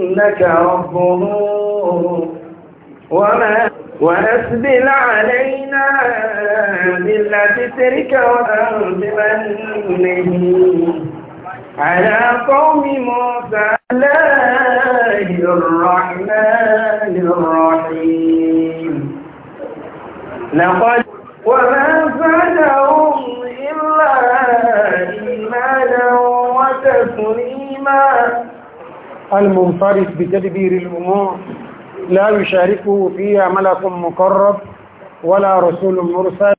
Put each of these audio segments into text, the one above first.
إنك ربه وما وأسبل علينا بلا بسترك وأرجمنه على قوم موسى الله الرحمن الرحيم لقد وما فعلهم إلا إيمانا وتسليما المنصرف بتدبير الأمور لا يشاركه فيها ملك مقرب ولا رسول مرسل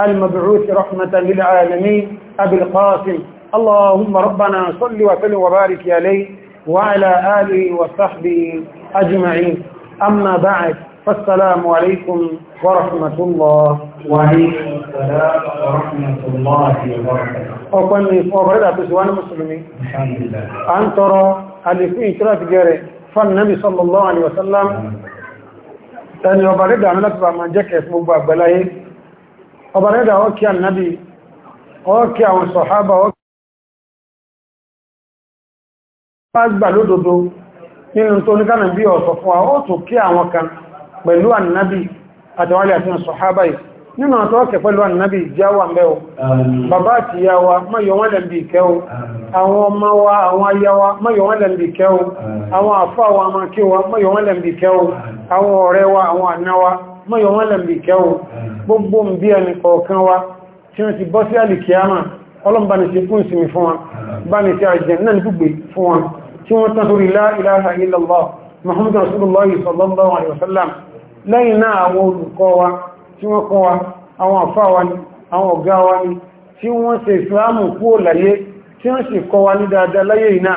المبعوث رحمة للعالمين أبي القاسم اللهم ربنا صل وسلم وبارك عليه وعلى آله وصحبه أجمعين أما بعد فالسلام عليكم ورحمة الله وعليكم السلام ورحمة الله وبركاته أقول لي أبرد أبو سوان الحمد لله أن ترى àlèkú ìtíràtì gẹ̀rẹ̀ fan nabi sallallahu alaihi wasallam ẹni ọba rẹ̀dà àmì láti bá máa jẹ́ kẹfún gbogbo àgbẹ̀láyé ọba rẹ̀dà ọkí ànábì ọkí àwọn sọ̀hábà ọkí gbà lódodo nínú tó ní kánà bí ọ̀sọ̀ fún àwọn tó kí àwọn kan pẹ̀lú ànábì àti nínú àtọ́ọ̀kẹ̀ pẹ̀lú ànábì jáwà mẹ́o bàbá àti yáwa mọ́yọ̀ wọ́n lẹ́m̀bì ìkẹ́o àwọn ọmọ wa àwọn ayáwa mọ́yọ̀ wọ́n lẹ́m̀bì ìkẹ́o àwọn àfáà wa amákíwa mọ́yọ̀ wọ́n lẹ́m̀bì ìkẹ́o àwọn ọ̀rẹ́ wa àwọn ànáwa mọ́yọ̀ wọ́n lẹ́m̀bì ìkẹ́o gbogbo mbí ẹni kọ̀ọ̀kan wa tí wọ́n ti bọ́ sí àlìkíyàmà ọlọ́mbà ni ṣe la ilaha illallah muhammadu rasulullah sallallahu alaihi wasallam lẹ́yìn náà tí wọ́n kọ́ wa àwọn àfá wa ni àwọn ọ̀gá wa ni tí wọ́n ṣe ìsìláàmù kúrò láyé tí wọ́n sì kọ́ wa ní dáadáa láyé iná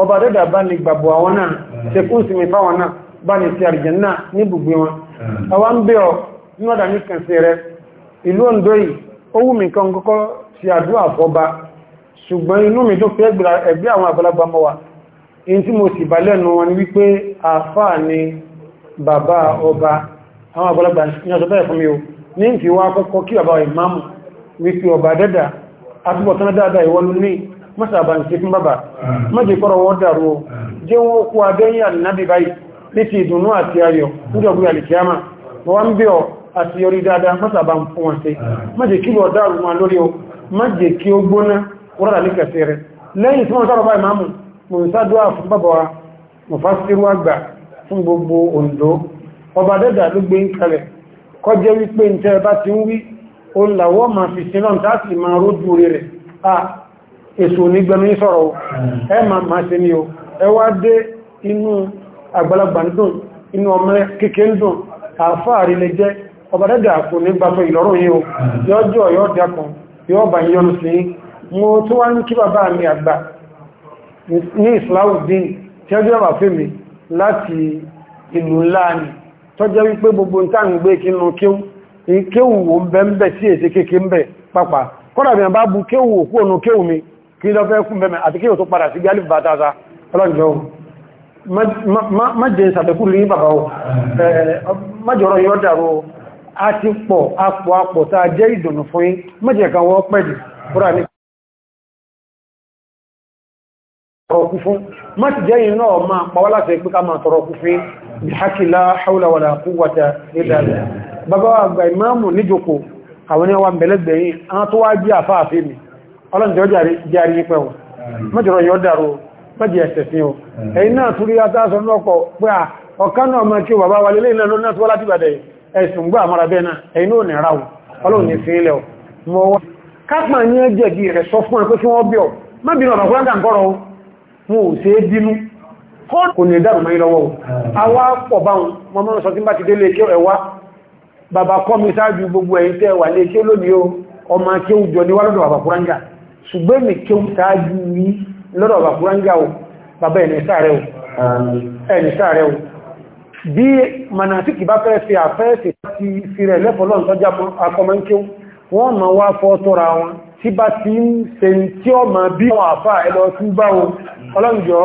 ọba dẹ́dà bá ní gbàgbọ́ àwọn náà ṣekún sí mi fáwọn náà bá ní ti àrìjẹ̀ náà ní gbùgbé wọn àwọn ń bẹ́ ọ níwọ̀dà ní kàn sí wa èyí tí mo sì bá lẹ́nu wọn wípé àwọn àgbàlagbà ní ọ̀sọ̀ bẹ́ẹ̀ fún mi o ní ìfi wá kọ́kọ́ kí bàbá ìmáàmù wípé ọba dẹ́dà àtúbọ̀tán dáadáa ìwọ́n ní mọ́sàbà ń ṣe fún bàbá mọ́jẹ̀ kọ́rọ̀ wọ́n dàrú o jẹ́ wọ́n kú adẹ́yìn ànábì báyìí ní ti ìdùnnú àti ayọ̀ níjọ̀gbé alìkíyàmà wọ́n bí ọ àti orí dáadáa mọ́sàbà ń fún wọn sí mọ́jẹ̀ kí o mọ́jẹ̀ kí ó gbóná wọ́rọ̀ ní kẹsẹ̀ rẹ̀ lẹ́yìn tí wọ́n sọ́rọ̀ báyìí máàmù mò ń sádúà fún bàbá wa mò fásitì rú àgbà fún gbogbo ọba dẹ́dà ló gbé ń kalẹ̀ kọjẹ́ wípé ń tẹ́ bá ti ń wí o ń làwọ́ ma fi sílọ́n tààtì ma rójú rẹ̀ à èso onígbẹ̀mí sọ̀rọ̀ ẹ ma ma ṣe ni o ẹ wá dé inú àgbàlagbà ń dùn inú ọmọ kékeré ń dùn àfáàrí lè jẹ́ ọba dẹ́dà kò ní gbàtọ̀ ìlọ́rùn yìí o yọjọ́ yọ́ dẹkùn yọ́ bà yọnu sí mi àgbà ní ìlú ńlá ni tó jẹ́ wípé gbogbo ń tàn gbé kí nù kéwù kéwù wò ń bẹ ń bẹ sí èsì kéèké ń bẹ pápá kọ́nà bí bá bú kéwù òkú ònú kéwù mi kí lọ fẹ́ kún bẹ́mẹ̀ àti tó padà sí gálì bàtàzà a a fún má ti jẹ́ yìí náà máa bihaki la haula wala quwwata illa billah bàbá àgbà ìmáàmù níjòkó àwọn ẹwà mbẹ̀lẹ́gbẹ̀yìn àwọn tó wá jí àfáàfẹ́ mi ọlọ́njẹ́ jari pẹ́ o mẹ́jọrọ yọ dáró mẹ́jẹ ẹ̀sẹ̀ o ẹ̀yìn náà túrí atáṣọ lọ́pọ̀ pé à ọ̀kan o na walé lẹ́nà lọ́nà tó láti bàdẹ̀ ẹ̀sùn gbà mọ́ra na o ni o kò ní dáàrù mọ́ ìlọ́wọ́ ah. àwa pọ̀ bá wọn mọ́ sọ tí bá ti dé lè kí ẹwà bàbá kọ́ mi sáájú gbogbo ẹ̀yin tẹ́ wà lè kí lónìí o ọmọ kí ó jọ ní wá lọ́dọ̀ bàbá kúrángà ṣùgbẹ́ mi kí ó sáájú ní lọ́dọ̀ bàbá kúrángà o bàbá ẹni sáàrẹ o bí manasiki bá fẹ́ fi àfẹ́ẹ̀sì ti fi rẹ̀ lẹ́fọ́lọ́n tọ́já akọmọ́nkí wọ́n ma wá tí bá ti ń se tí ọ bí wọn àfáà ẹlọ tún bá wọn ọlọ́njọ́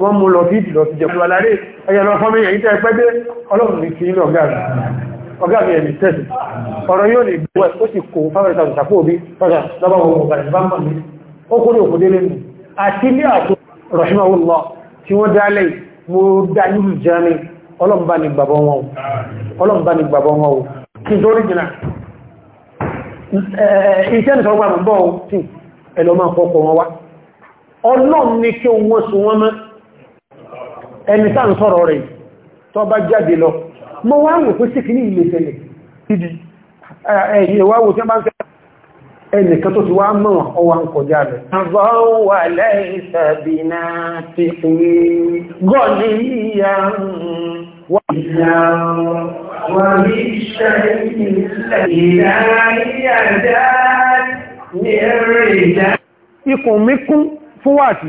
wọ́n mú lọ fíìdì lọ sí jẹ̀kú aláré ẹyẹ lọ fọ́mí èyí tẹ́ pẹ́ dé ọlọ́run ní kí ní ọ̀gá mi ọ̀gá mi ẹ̀mí tẹ́sì ọ̀rọ̀ yóò ní ìgbò ẹ̀ ó sì kò fáwọn ìtàkùn sàpò òbí tọ́jà lọ́bàá wọn ọ̀gá ìbá mọ̀ mí ó kó ní òkúdé lẹ́nu àti ilé àtò rọ̀ṣímọ̀ wọn lọ tí wọ́n dálẹ̀ mo dá nílùú jẹ́ni wọn wá ọlọ́run ní kí wọ́n sọ wọn mọ́ ẹni sáà ń sọ̀rọ̀ rẹ̀ tó bá jáde lọ mọ́ wá wò pé sí kìí ilé tẹ́lẹ̀ ìdí ẹ̀yìn wá wò tí wọ́n bá ń sẹ́ ẹnìkan tó ti wá mọ́ ọwá ń kọjá rẹ̀ Ikùn mi kún fún wàtí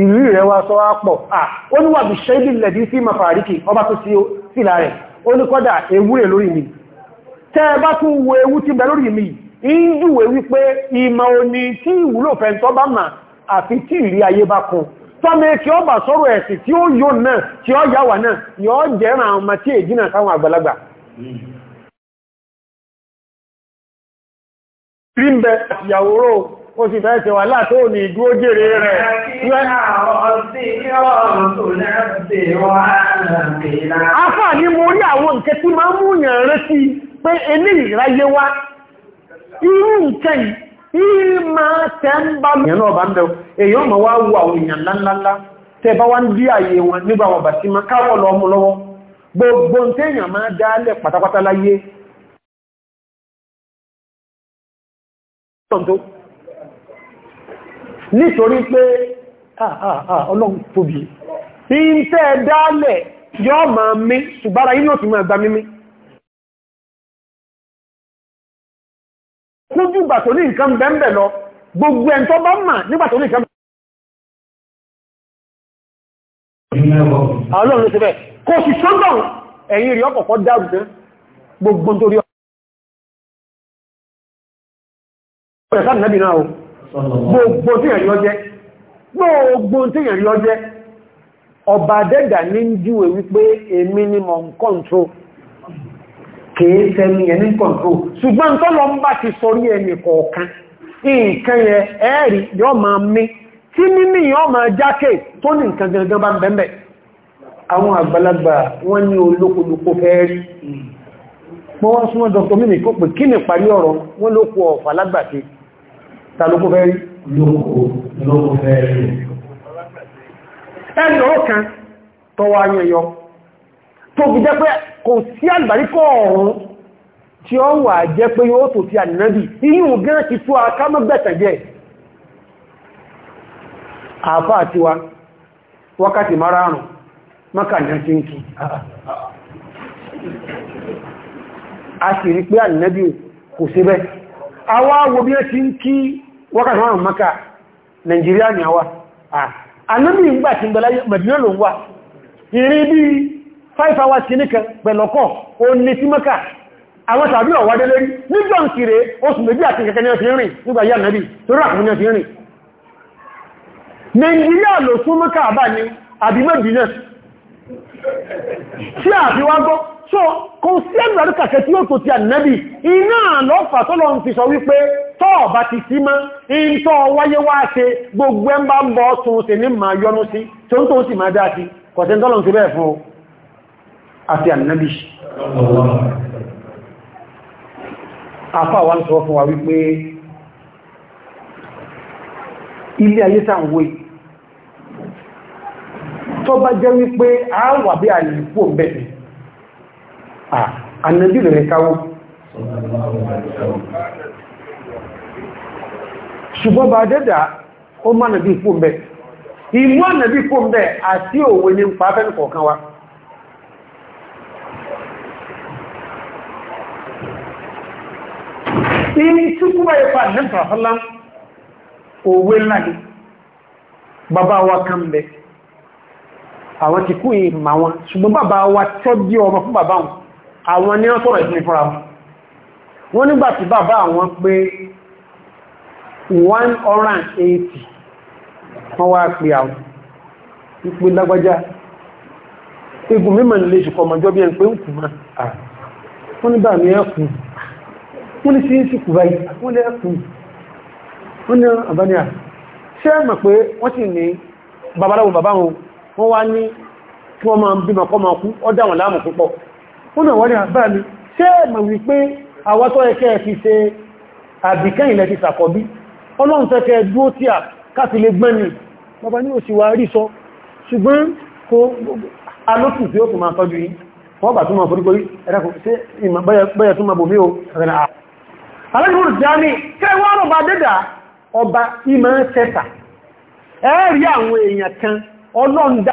ìlú rẹ̀ wá sọ ápọ̀ ah ní bí ṣẹ́bí lẹ̀dí sí mafàríkì ọba tó sí láàrẹ̀ ó ní ewu rẹ̀ lórí mi tẹ́ bá tún wo ewu ti bẹ lórí mi ìjúwe wípé ìmọ̀ oní tí ìwúlò fẹ́ àfi tí ayé bá kún tọ́mẹ́ kí ó bà sọ́rọ̀ tí ó yóò náà tí ó yá wà náà àwọn tí èjìnà àgbàlagbà ó sì fẹ́ ṣe wà látó ní ìdúró jèrè rẹ̀. Afá ni mo rí àwọn nǹkan tí máa ń mú yàn rántí pé ilé ìráyé wá. Irú nǹkan yìí máa tẹ́ ń bá mi. Èèyàn náà bá ń bẹ̀rù. Èèyàn máa wá wo àwọn èèyàn ńláńláńlá tẹ bá wá ń dí àyè wọn nígbà wọn bàtí máa káwọ̀ lọ ọmọ lọ́wọ́. Gbogbo téèyàn máa dálẹ̀ pátápátá láyé. nítorí pé ọlọ́run tóbi ìntẹ́ dálẹ̀ yọ́ ma mí ṣùgbára inú òtù máa gba mímí kújú bà ní nǹkan bẹ́m̀bẹ̀ lọ gbogbo ẹ̀ tó bá ní nǹkan ọlọ́run gbogbo tí ìrìn ọjẹ́ gbogbo tí ìrìn ọjẹ́ ọba dẹ́dà ní júwe wípé èmi ni mọ̀ ń kọ́ntró kìí sẹ́ni ẹni kọ́ntró ṣùgbọ́n tọ́lọ ń bá ti sọrí ẹni kọ̀ọ̀kan nǹkan yẹ ẹ̀rì yọ máa mí tí mímí yọ máa jákè tó ní nǹkan gangan bá ń bẹ̀m̀bẹ̀ àwọn àgbàlagbà wọ́n ní olókolòkó fẹ́ rí mọ́ wọ́n súnmọ́ dr mímí kó pè kí ní parí ọ̀rọ̀ wọ́n ló ọ̀fà lágbàtí ta ló kó fẹ́ rí tọwọ́ ayẹyọ tó jẹ́ pé kò sí ọ̀run tí ó wà jẹ́ pé yóò tó ti inú gán ti tó àfá àti wa wákàtí ń kí a sì rí pé kò sí bẹ́ wákàtí wọn maka Nigeria ni àwa anábì ń gbà tí ń bẹ̀lá Madina ló ń wà ìrí bí 5 hours kìníkà pẹ̀lọ́kọ́ o ní sí maka àwọn tàbí ọ̀wádé lérí nígbà ń kìrè oṣù méjì àti kẹkẹ ní ọ̀fin rìn nígbà yà nàbí torí àkùnrin so kò sí ẹ̀lùrẹ́lù kàkẹ́ tí ó tó ti ànẹ́bì iná àlọ́fà tó lọ ń fi sọ wípé tọ́ọ̀bá ti sí ma in tọ́ wáyé wá ṣe gbogbo ẹ̀ ń bọ́ tún ní ma yọnú sí tó ń tó sì máa dá sí kọ̀tẹ́ tọ́lọ̀ bẹ́ẹ̀ fún àti ànẹ́bì ànàbí rẹ̀ káwó ṣùgbọ́n bá dẹ́dà ó má nàbí ipò mẹ́ ìmú ànàbí ipò mẹ́ àti òwe ní pàápẹ́ nìkọ̀ọ̀kan wa ìní tí kúrò ẹ̀fà nẹ́fàfàlá òwe ńlá ni bàbá wa kan bẹ àwọn ti kú ìmà wọn ṣùgbọ́n bàbá wa tọ́jú ọmọ fún bàbá wọn àwọn ní ọ́sọ̀rọ̀ ìsinmi fúnra wọ́n nígbà tí bàbá àwọn pé 180 wọ́n wá pè àwọn ipò lágbájá egun mímọ̀ lè ṣùkọ́ ọmọjọ́ bí ẹn pé ń kù máa wọ́n nígbà ní ẹkùn wọ́n ní sí ń sìnkú báyìí wọ́n ní ẹkùn wọ́n ní àbáníà ṣe é mọ̀ pé wọ́n sì ní babaláwo bàbá fún àwọn ní àbá mi ṣé mọ̀ wípé àwọn tó ẹkẹ́ fi ṣe àbìkán ilẹ̀ ti sàkọ̀bí ọlọ́run tẹ́kẹ́ dúó tí à káfilé gbẹ́ni bàbá ní òṣì wà rí sọ ṣùgbọ́n kó alótù tí ó kò máa tọ́jú yìí wọ́n bà tún máa forí gorí ẹ̀rẹ́kùn sí ìbẹ̀yẹ̀ tún máa bò mí o rẹ̀ àà alẹ́gbùrù tí a ní kẹwàá ọba dẹ́dà ọba ìmọ̀ tẹ́ta ẹ̀rí àwọn èèyàn kan ọlọ́ndá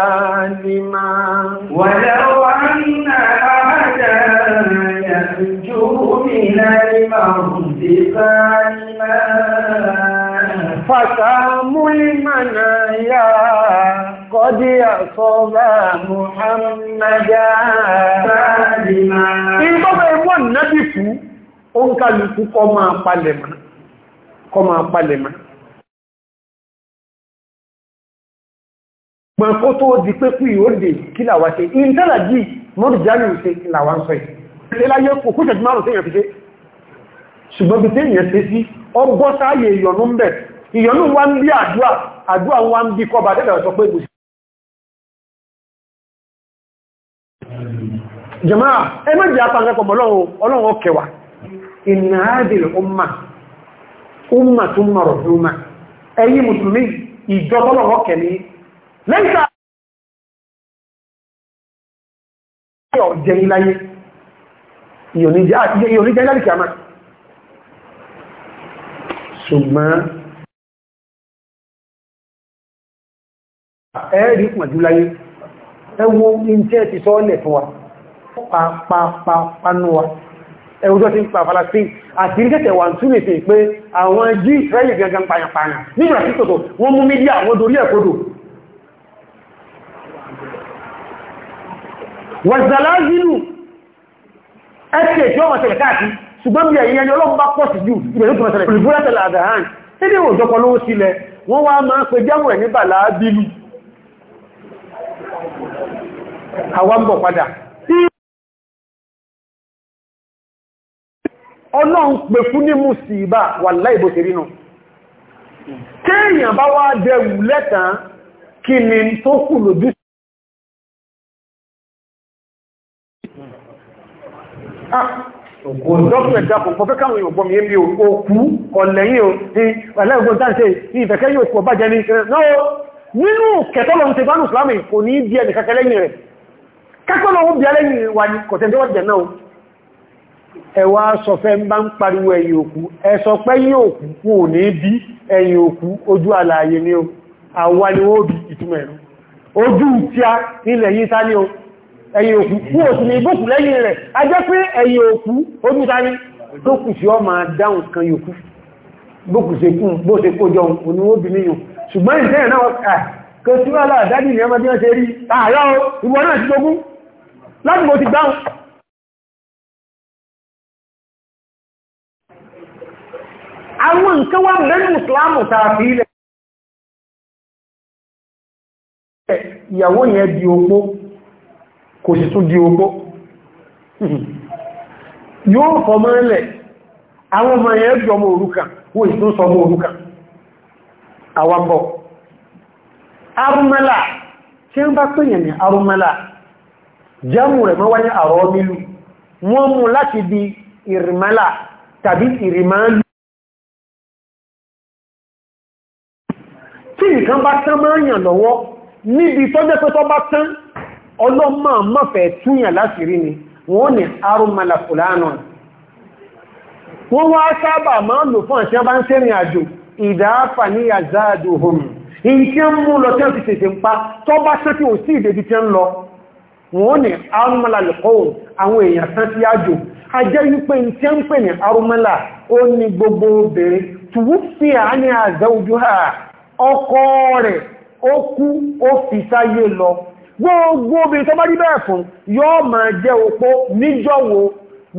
عالما ولو أن أحدا يرجو من الموت ظالما فسام المنايا قد أصاب محمدا سالما ìbọ́bẹ̀ ìwọ̀n náà bí fún ó ń kálukú kọ́ máa palẹ̀mọ́ pẹ̀kó tó di pé kú ìhóde kí làwà ṣe ìntẹ́là jí mọ́rùjánì ṣe làwà ń sọ ìláyé kò kú ṣẹ̀jú márùn-ún tẹ́yàn fi ṣe ṣùgbọ́n bí tẹ́yàn ṣe sí ọgbọ́ sáyé ìyọ̀nú ń bẹ̀ ìyọ̀nú wá ń bí àdúrà àdúrà wá ń apáǹkẹ́kọ̀ ọlọ́run ọkẹwà ìnà àádìl umma umma tún mọ̀rọ̀ fún umma ẹ̀yí mùsùlùmí ìjọ tọ́lọ̀wọ́ kẹ̀lẹ́ lẹ́yìn tá ọ̀jẹ̀ iláyé ìyòníjẹ́ lálìkì àmà ṣùgbọ́n ẹ̀rí pọ̀jú láyé ẹwọ ìjẹ́ ti sọ́ọ̀lẹ̀ fún wa pàpàpàpànúwa ẹwùjọ́ ti ń pa falasín àti ìrìkẹ́tẹ̀ wà tún lè fi pé àwọn jí ìsírẹ́lì gẹ́gẹ́ pàyàpàyà nígbàtí tòtò wọ́n mú mídíà wọ́n dorí ẹ̀kọ́dò wàzàlájìlù ẹ̀ṣẹ̀ tí wọ́n tẹ̀lẹ̀ káàkiri ṣùgbọ́n bí ẹ̀yẹn ni ọlọ́run bá pọ̀ sí jù ìbẹ̀rẹ̀ tó tẹ̀lẹ̀ olùbúrẹ́tẹ̀lẹ̀ àdáhàn nílé òjọpọ̀ lówó sílẹ̀ wọ́n wá máa pe jámù ẹ̀ ní bàlábílù àwọ́mbọ̀ padà ọlọ́run pè fún ní mùsíbà wà láìbò tèrí kéèyàn bá wá dẹrù lẹ́tàn kí ni tó kù lójú dọ́kùnrin dákùn pọ̀ fẹ́kàwọn èèyàn gbọmí èmi òkú ọ̀lẹ́yìn o ní ẹlẹ́gbọ́n tàǹtẹ́ ìfẹ̀kẹ́ yóò pọ̀ bàjẹ́ ní náà nínú kẹtọ́lọ̀ ń tẹbánù islami kò ní bí ẹni kẹkẹlẹ́yìn rẹ̀ kẹkọ́lọ̀ ń bí ẹlẹ́yìn wà ní kọ̀tẹ̀ndẹ́wọ̀dẹ̀ náà ẹwà sọfẹ́ ń bá ń pariwo ẹ̀yìn òkú ẹ̀sọ pé yí òkú kò ní bí ẹ̀yìn òkú ojú alààyè ni o àwa ni wọ́n bí ìtumẹ̀ ojú tí a nílẹ̀ ẹ̀yìn òkú kú òsù ní ìgbókù lẹ́yìn rẹ̀ a jẹ́ pé ẹ̀yìn òkú ojú tani tó kù sí ọmọ dáhùn kan yòókù gbókù sí kún bó ṣe kó jọ oníwóbi níyàn ṣùgbọ́n ìtẹ́ ẹ̀ náà kò sí wà láàdádì ní ọmọdé ṣe rí àárá o ìwọ náà ti jogún láti mo ti dáhùn àwọn nǹkan wá mẹ́rin ìsìlámù tààfí ilẹ̀ ìyàwó yẹn di opó kò sì tún di ogbó yóò fọmọ ẹlẹ̀ àwọn ọmọ yẹn jọ ọmọ òrukàn wọ́n ìtò sọ ọmọ òrukàn àwapọ̀ arúmẹ́là tí ń bá pèyàn ní arúmẹ́là jẹ́mù rẹ̀ mọ́wá ní àrọ́ mílù wọ́n mú láti di ìrìmẹ́là tàbí ìrìmẹ́lù tí nǹkan bá tán máa yàn lọ́wọ́ níbi tọ́jẹ́ pẹ́tọ́ bá tán ọlọ́mọ mọ́fẹ́ túnyàn láti rí ni wọ́n ni arúmọ̀lá fúlánà wọ́n wá sábà máa lò fún àti ọba ń ṣe rìn àjò ìdáfà ní àzáàdò homi in tí ń mú lọ tẹ́ẹ̀fì tètè ń pa tó bá sẹ́kì ò sí ìdèbí tí ń lọ wọ́n ni arúmọ̀lá lẹ́kọ́ọ̀ àwọn èèyàn ha ọkọ rẹ̀ ó kú ó fi sáyé lọ gbogbo obìnrin tó bá rí bẹ́ẹ̀ fún yóò máa jẹ́ opó níjọ́wó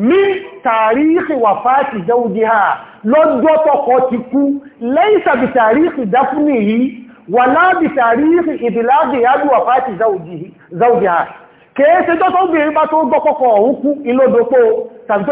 ní tàríkì wà fáàtì jẹ́wújí ha lọ́jọ́ tọ́kọ ti kú lẹ́yìn sàbí tàríkì dáfúnì yìí wà láàbí tàríkì ìdìláàbì yàbí wà fáàtì jẹ́wújí ha kèése tó tóbìnrin bá tó gbọ́kọ́kọ́ òun kú ilódopó tàbí tó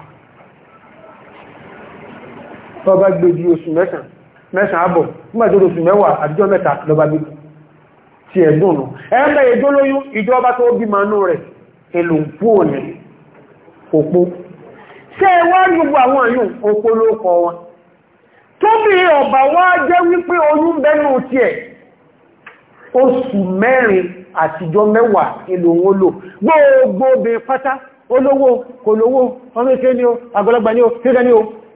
tó bá gbé bí oṣù mẹ́sàn mẹ́sàn àbọ̀ nígbàtí oṣù mẹ́wàá àdíjọ́ mẹ́ta lọba gbé ti ẹ̀dùn nù ẹgbẹ́ ìjó lóyún ìjọba tó bí manú rẹ̀ èlò pú òní òpó ṣe wọ́n gbogbo àwọn àyùn òpó ló kọ wọn tó bí ọ̀bà wá jẹ́ wípé oyún bẹ́nu ti ẹ̀ oṣù mẹ́rin àtijọ́ mẹ́wàá èlò wọn lò gbogbo obìnrin pátá olówó kò lówó ọmọ ìṣẹ́ ni ó àgbàlagbà ni ó tẹ́gẹ́ ni ó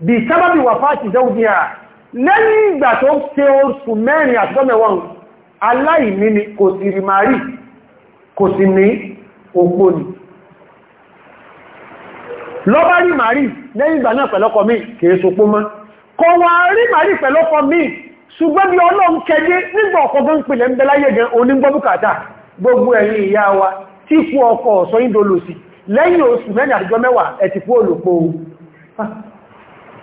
bí sábàbí wà fáàtì zẹ́wùdíà lẹ́yìn ìgbà tó ṣe oṣù mẹ́rin àti ọmọ̀wọ̀n aláìní ni kò sì rí màrí kò sì ní òpó ni lọ́bá rí màrí lẹ́yìn ìgbà náà pẹ̀lọ́kọ mi kìí sopó mọ́ kọ wà rí màrí pẹ̀lọ́kọ mi ṣùgbọ́n bí ọlọ́run kẹjẹ́ nígbà ọkọ gan pèlẹ̀ ń bẹ láyé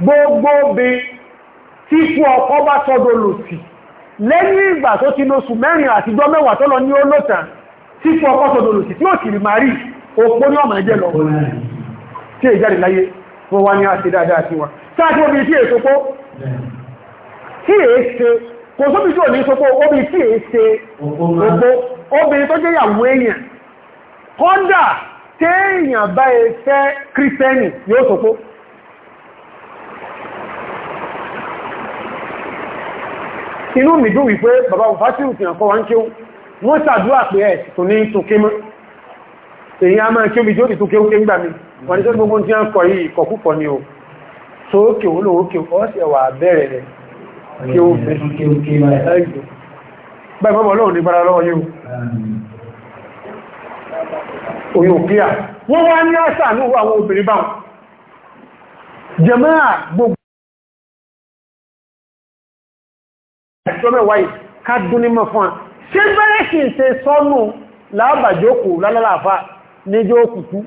gbogbo be tí fún ọkọ bá sọ́dọ̀ lòsì lẹ́yìn ìgbà tó ti lóṣù mẹ́rin àtijọ́ mẹ́wàá tọ́lọ ní ó lòtà tí fún ọkọ sọ́dọ̀ lòsì tí ó sì rí màrí òpó ní ọmọ ẹjẹ́ lọ tí è jáde láyé wọ́n wá ní àti dáadáa sí wa sáàtí obi tí è sopó tí è ṣe kò sóbi tí ò ní sopó obi tí è ṣe òpó obi tó jẹ́ ìyàwó èèyàn kọ́dà téèyàn bá ẹ inú mi dùn wípé bàbá òfásíwù ti hàn kọ́ wá ń kéwú wọ́n sàdúrà pé ẹ̀ tó ní tókè mọ́ èyí a máa kéwú ìjọ́ ìtókè ó ké ń gbà mí wọ́n ni tó gbogbo tí a ń kọ yìí kọkúkọ ni o tó ókè olóòkè ọ́sẹ̀wà bẹ̀rẹ̀ rẹ̀ kí ó fẹ́ báyìí mọ́mọ́ lọ́wọ́ ní gbára lọ́wọ́ yóò oyò kíà wọ́n wá ní àṣà ní àwọn obìnrin báwọn jẹ́mọ́ ẹjọ́ mẹ́wàá yìí ká dúnímọ̀ fún wa ṣe bẹ́rẹ̀ sì ń ṣe sọ́nù láàbàjókù lálálàáfà níjọ́ òkùnkú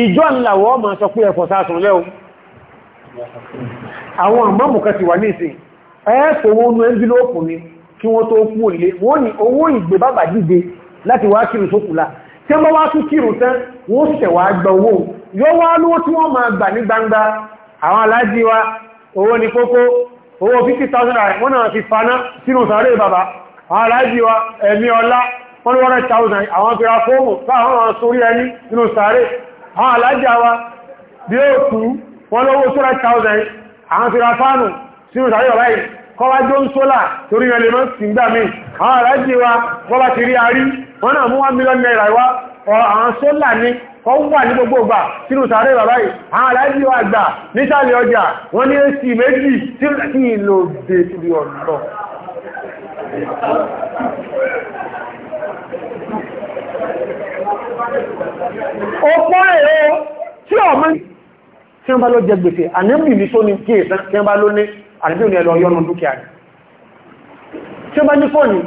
ìjọ ńláwọ́ ma sọ pé ẹ̀fọ́ sáàtùn lẹ́ àwọn àmọ́mù kan ti wà ní ìsìn ẹ́ẹ̀fẹ́ owó inú ẹ́ńbílóòpù ni kí wọ́n tó kú òlé wọ́n ni owó ìgbé bàbà dìde láti wá kírù tó kùlá tí wọ́n wá tún kírù tán wọ́n sì tẹ̀wà gba owó yọ́ wá lówó tí wọ́n máa gbà ní gbangba àwọn aláàjí owó ni kókó owó 50,000 rẹ̀ wọ́n náà fi faná sínú sàárè bàbá aláàjì wa ẹ̀mí ọlá wọ́n ní 100,000 àwọn fíra fóòmù fáwọn sórí ẹni sínú sàárè àwọn aláàjì wa bí ó kú wọ́n lówó 200,000 àwọn fíra fánù sínú sàárè bàbá yìí kọwa jó ń sólà torí ẹlẹ́mọ́ sí gbà mí àwọn aláàjì wa wọ́n bá ti rí arí wọ́n náà mú 1 million àwọn sólà ní wọ́n wà ní gbogbo ọgbà sínú sàárè bàbá yìí àwọn aláìsí wà gbà nítàlẹ̀ ọjà wọ́n ní èsì méjì tí ìlò dé torí ọ̀nà ọ̀pọ̀ ẹ̀rọ tí ọmọ tí wọ́n bá ló jẹ gbèsè àníbì ní tó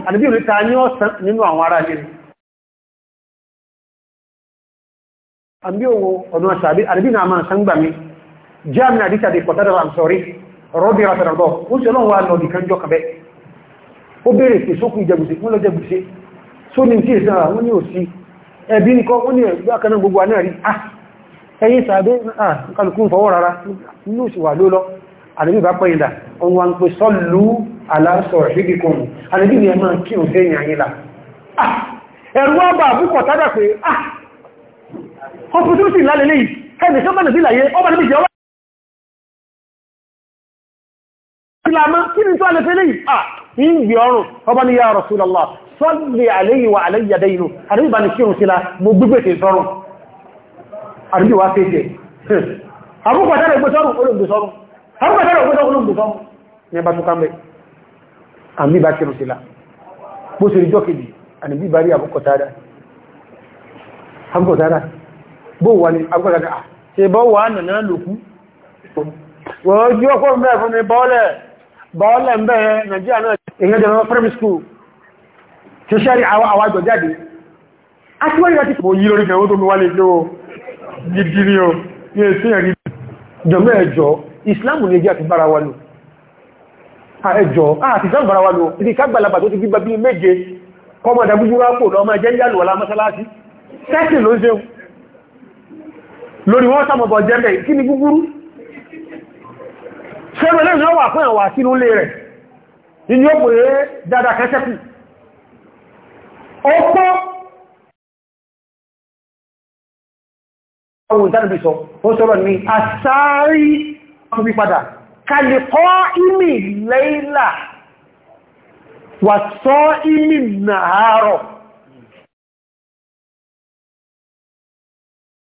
àníbì ní ta ní ọ̀sán nínú àwọn ará ilé àbí òun ọdún àṣàbí àdìbí náà máa sángbà mi jẹ́ àmì àdíkà dé pọ̀tàdàrà àmsọ̀rí rọ́bí rafẹ̀rọ̀dọ̀ ó sì ọlọ́run wà lọ́dì kan jọ́kàbẹ́ ó bèèrè pé sókùn ìjẹgùsí wọ́n lọ jẹgùsí só ní tí ìsára wọ́n ní òsí ẹbí ní kọ́ wọ́n ni ẹgbẹ́ akaná gbogbo náà rí ah ẹyí sàbẹ́ ah kálukú ń fọwọ́ rárá ní òsì wà lólọ́ àdébí bá pẹ́yìndà ọmọ wọn pé sọ́lú aláṣọ̀rọ̀ sí kíkọ́ mu àdébí ni ẹ máa kí òun fẹ́ yàn la ah ẹ̀rù wọn bá àbúkọ̀ tádà pé ah hospitality lálẹ́ lẹ́yìn ẹni tó mẹ́rin sílàyé ọmọ níbi ìjọba ìlàmá kí ni tó alẹ́ fẹ́ lẹ́yìn à ìgbì ọrùn ọba ni ya Rasulullah sọ́lì àlẹ́yìn wà àlẹ́yàdẹ́ inú àríbí bá ní kírùn sílá mo gbígbé tè sọ́rùn àríbí wá fẹ́ jẹ́ àbúkọ̀tẹ́rẹ̀ ògbésọ́rùn olóògbésọ́rùn àbúkọ̀tẹ́rẹ̀ ògbésọ́rùn olóògbésọ́rùn ní ẹbá tó kámbẹ̀ àmì bá kírùn sílá bó ṣe rí jọ́kèdì àníbí bá rí àbúkọ̀tẹ́rẹ̀ bó wà ní agbára ṣe bọ́ wà nà lòkú wọ́n jí ọkọ̀ mẹ́ fún ní bọ́ọ̀lẹ̀ ń bẹ̀rẹ̀ Nàìjíríà náà ìyẹn primary school tí ó ṣẹ́rí àwàjọ jáde aṣíwájú láti fò yí lórí ni ó ní èsì ẹ̀rí jọmọ́ ẹjọ́ Islam ní ẹjẹ́ àti bára wa lò ẹjọ́ Islam bára wa lò ní kágbàlagbà tó ti gbígbà bí méje kọmọdà búburú ápò lọ ọmọ ẹjẹ́ yálò ọlá mọ́sálásí tẹ́sì lórí wọ́n sàmọ̀bọ̀ jẹ́mẹ̀ kí ni gúgúrú ṣẹ́rọ lẹ́yìn náà wà fún àwọn àtínú lè rẹ̀ inú ó pè é dada kẹsẹ́kù ọpọ́ ọwọ́n tánàbí sọ ó sọ́rọ̀ ní àsáárí ọmọ padà kalẹ̀kọ́ ìmì lẹ́ìlà wà sọ ìmì nàárọ̀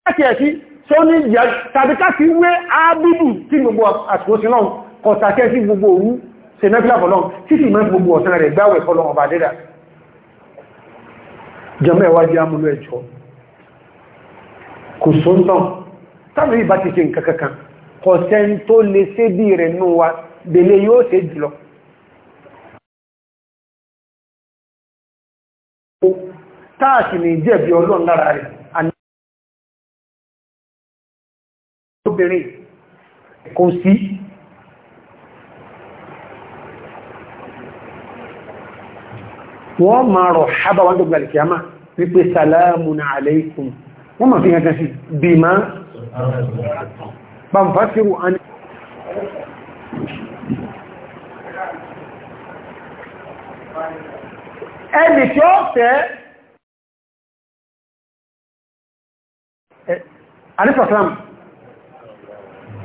láti ẹ̀sí tó ní ìyà tàbí káàkì wé ábìdù tí gbogbo àtìkòsí náà kọ̀tàkẹ́ sí gbogbo òru se nẹ́fílà fọ́lọ́n tí sì mẹ́ gbogbo ọ̀sán rẹ̀ gbáwẹ̀ fọ́lọ́n ọba dẹ́dà jẹmọ́ ẹwàjí amúlú ẹjọ́ kò sóńtàn tàbí ìbá ti ṣe nǹkan kankan kọ̀tẹ́ tó lè sé bí rẹ̀ nú wa bèlè ọlọ́run lára rẹ̀ obìnrin kò sí wọ́n ma rọ̀ hábà wọ́n tó gbàlẹ̀ kìyàmá wípé salamun alaykum wọ́n ma fi ń yankan sí bí máa bá ń fásirù a ní ẹni tí ó tẹ́ àrífàsílámù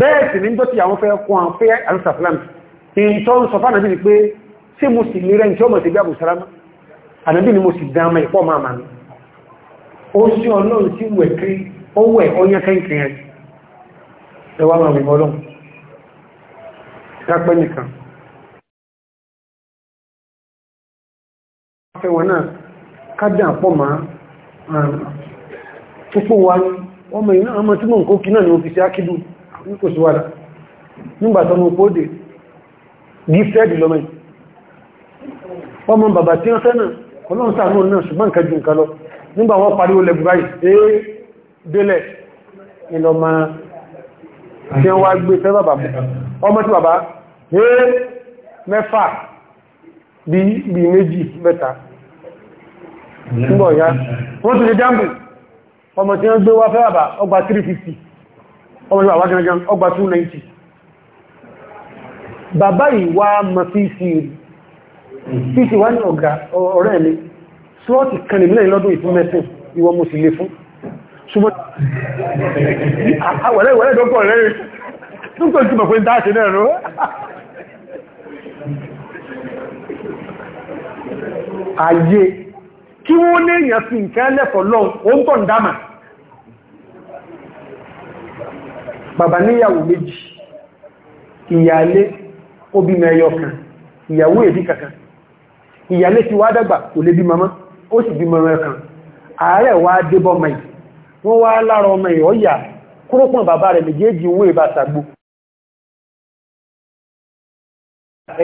bẹ́ẹ̀ sì ní jọ́ ti àwọn fẹ́ kún àwọn fẹ́ alùsàfilám èyí tó ń sọ fún ànàbí ni pé sí mo sì lè rẹ̀ tí ó mọ̀ sí bí àbùsárámá ànàbí ni mo sì dáma ìpọ̀ máa ma mi ó sí ọlọ́run tí wẹ̀ kí ó wẹ̀ ọyẹ́ kẹ́kẹ́rẹ́ ẹwà máa wìmọ́ lọ́n dápẹ́ nìkan fẹ́ wọn náà kájà pọ̀ máa púpọ̀ wa ọmọ tí mò ń kó kí kò sí wádà nígbà tó mú pódè gífẹ́ẹ̀dì lọ́mọ yìí ọmọ bàbá tí wọ́n fẹ́nà ọlọ́run sàánú náà ṣùgbọ́n nǹkan jù nǹkan lọ nígbà wọ́n pariwo lẹ́gbù báyìí ee délẹ̀ ìlọ́mà tí wọ́n wá gbé fẹ́ bàbá ọmọ tí bàbá ee mẹ́fà bí bí méjì mẹ́ta nígbà ọ̀yá wọ́n tún lè dámbù ọmọ tí wọ́n gbé wá fẹ́ bàbá ọgbà 350 ọmọ ìwà wá gangan ọgbà 290 bàbá ìwà mọ̀ sí ìsìrì títí wá ní ọ̀gá ọ̀rẹ́ mi slọ́ọ̀tì kan lè mílẹ̀ lọ́dún ìfún mẹ́sìn ìwọ mo sì lè fún ṣùgbọ́n àwẹ̀lẹ́wẹ̀lẹ́ dọ́gbọ̀ rẹ̀ tún tó túnmọ̀ pé dáṣẹ́ náà rọ́ ayé kí wọ́n lè yàn sí nǹkan lẹ́fọ̀ bàbá níyàwó méjì ìyàlé ó bí mẹ́yọ kan ìyàwó èdí kankan ìyàlé ti wá dàgbà kò lè bí mamá ó sì bí mamá kan ààrẹ wá débọ́ mẹ́ wọ́n wá lára ọmọ ìhọ́yà kúrópọ̀n bàbá rẹ̀ méjèèjì wọ́n ìbá sàgbó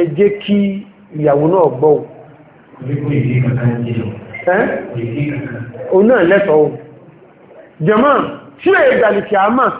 ẹ jẹ́ kí jẹ́mọ́ tí èdè àlìkì àmà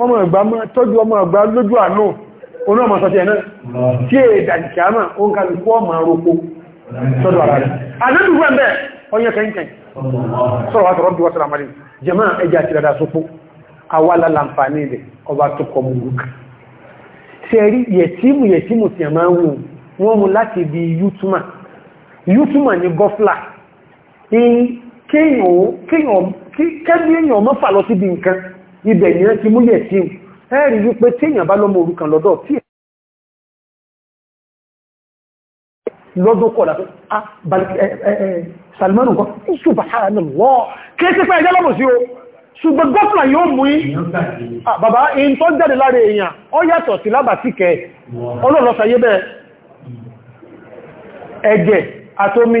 ọmọ ìgbà tọ́jú ọmọ ìgbà lójú àánú oná ọmọ sọ́tẹ̀ náà tí è dàjíkàmà ó ń kàlùkú ọmọ roko sọ́dọ̀ ara rẹ̀ àdẹ́dùgbà ń bẹ́ ọyẹ kẹ́kẹ́ sọ́rọ̀ wá tọ̀rọ̀ bí wọ́n sọ́rọ̀ àmàrí jẹ́mọ́ ẹjẹ́ àti dada sópó awálà láǹfààní rẹ̀ ọba tó kọ mú lùkà sẹ́rí yẹ̀tímù yẹ̀tímù tí a máa ń wù wọ́n mú láti bí yútúmà yútúmà ní gọ́flà kéèyàn mọ́fà lọ sí bí nǹkan ibẹ̀ ìyẹn ti múlẹ̀ tí ó ẹ̀rí wípé tí èyàn bá lọ́mọ òrukàn lọ́dọ̀ tí lọ́dún kọ̀ láti ah, eh, eh, eh, Salman nǹkan subhanallah kéèsí pẹ́ ìjẹ́ lọ́mọ̀ sí o ṣùgbọ́n gọ́fìnà yóò mú í ah, bàbá in tó jáde láre èèyàn ọ yàtọ̀ sí lábàtíkẹ́ ọlọ́lọ́sàyébẹ̀ mm. ẹ̀jẹ̀ àtomi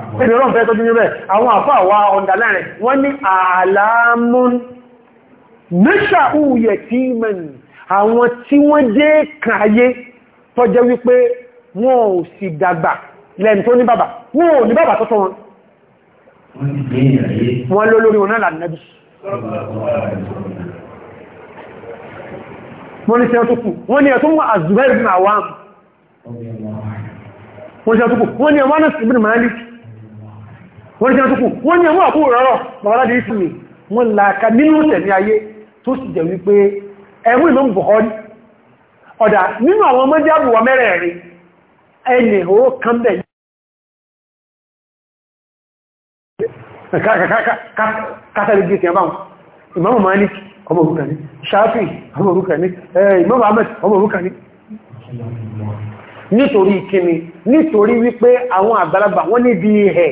ẹni ọlọ́run fẹ́ tọ́jú níbẹ̀ àwọn àfá àwà ọ̀dàlẹ́rìn wọ́n ní àlàámún níṣà òòyẹ̀ tí mẹ́rin àwọn tí wọ́n jẹ́ kààyé tọ́jẹ́ wípé wọ́n ò sì dàgbà lẹ́ni tó ní bàbá wọ́n ò ọmọ náà sí bí màá lìkì wọ́n jẹ́ tukù wọ́n ní àwọn àbúrò rọrọ̀ bàbáláde ìsinmi wọ́n láàká nínú tẹ̀mí ayé tó sì jẹ́ wípé ẹ̀mú ìmọ̀ Bukhari ọ̀dà nínú àwọn ọmọdé àbúwà mẹ́rẹ̀ẹ̀rin ẹni ó kán bẹ̀ kátàlìgì ti àbáwọn Imam Malik ọmọ orúkà ní Shafi ọmọ orúkà ní Imam Ahmed ọmọ orúkà ní nítorí kíni nítorí wípé àwọn àgbàlagbà wọ́n níbi ẹ̀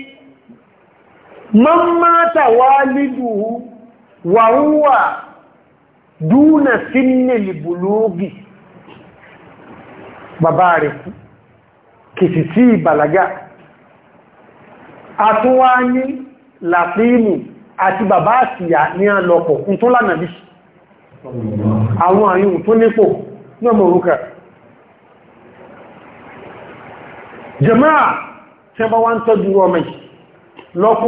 man mata waliduhu wa huwa duna sinni libulugi babare kisisi balaga kìsì sí ati babasi ya ni aloko bàbá àsìyà ní àlọ́pọ̀ ń tó lánàá bí àwọn àyíwò tó nípò ní ọmọ orúkà jẹ́máà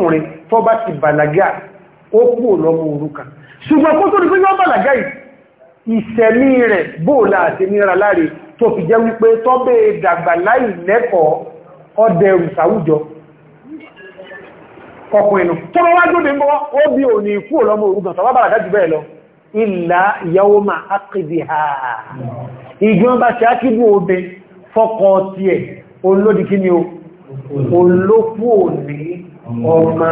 tí tó bá ti bàlágà ó kú lọ́mọ òrukàn ṣùgbọ́n kó tó rí pé yọ́ bàlágà ìṣẹ̀mí rẹ̀ bóòlà àti nira láre tó fi jẹ́ wípé tọ́bẹ̀ dàgbà láì lẹ́kọ̀ọ́ ọdẹ ìrùsàwùjọ ọkùnrin tó bá wájú ní mọ́ ó bí ò ní ikú ọlọ́mọ òrukàn tọ́bá bàlágà jù ọmọ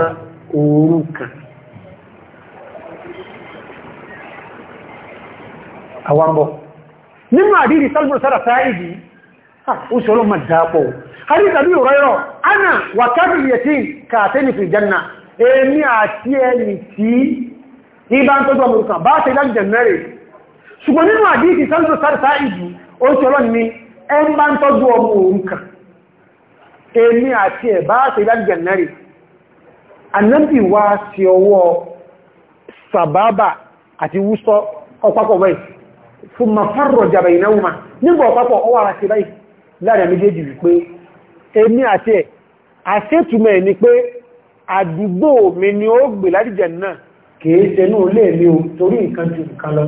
oòrùn kan àwambọ̀ nínú àdírí sálmùn sára sáàìdì ó ṣọ́lọ́ ma dápọ̀ àríkàbí òrẹ́rọ̀ ana wà kábìlì yẹ̀tí kààtẹ́ ní fi janna èmi àti ẹni tí ibá ń tọ́jú ọmọrùkan bá ṣe láti jẹ̀mẹ́rẹ̀ ṣùgbọ́n nínú àdírí sálmùn sára sáàìdì ó ṣọ́lọ́ ni ẹ ń bá ń tọ́jú ọmọ èmi àti ẹ̀ bá ṣe láti jẹ̀mẹ́rẹ̀ anábì wá sí ọwọ́ sàbábà àti wúsọ́ ọpapọ̀ báyìí fún ma fárọ̀ jàbà ìnáwùmá nígbà ọpapọ̀ ọwọ́ ara sí báyìí láàrin méjèèjì wípé èmi àti ẹ̀ àṣẹ́tùmẹ̀ ni pé àdúgbò mi ni ó gbè ládìjẹ̀ náà kìí tẹnú olè mi ò torí nǹkan ju nǹkan lọ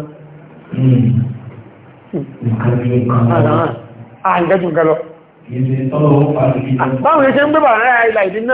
Àwọn hmm. ah, ìṣẹ́ ń gbébà rẹ̀ ilẹ̀ ìdínà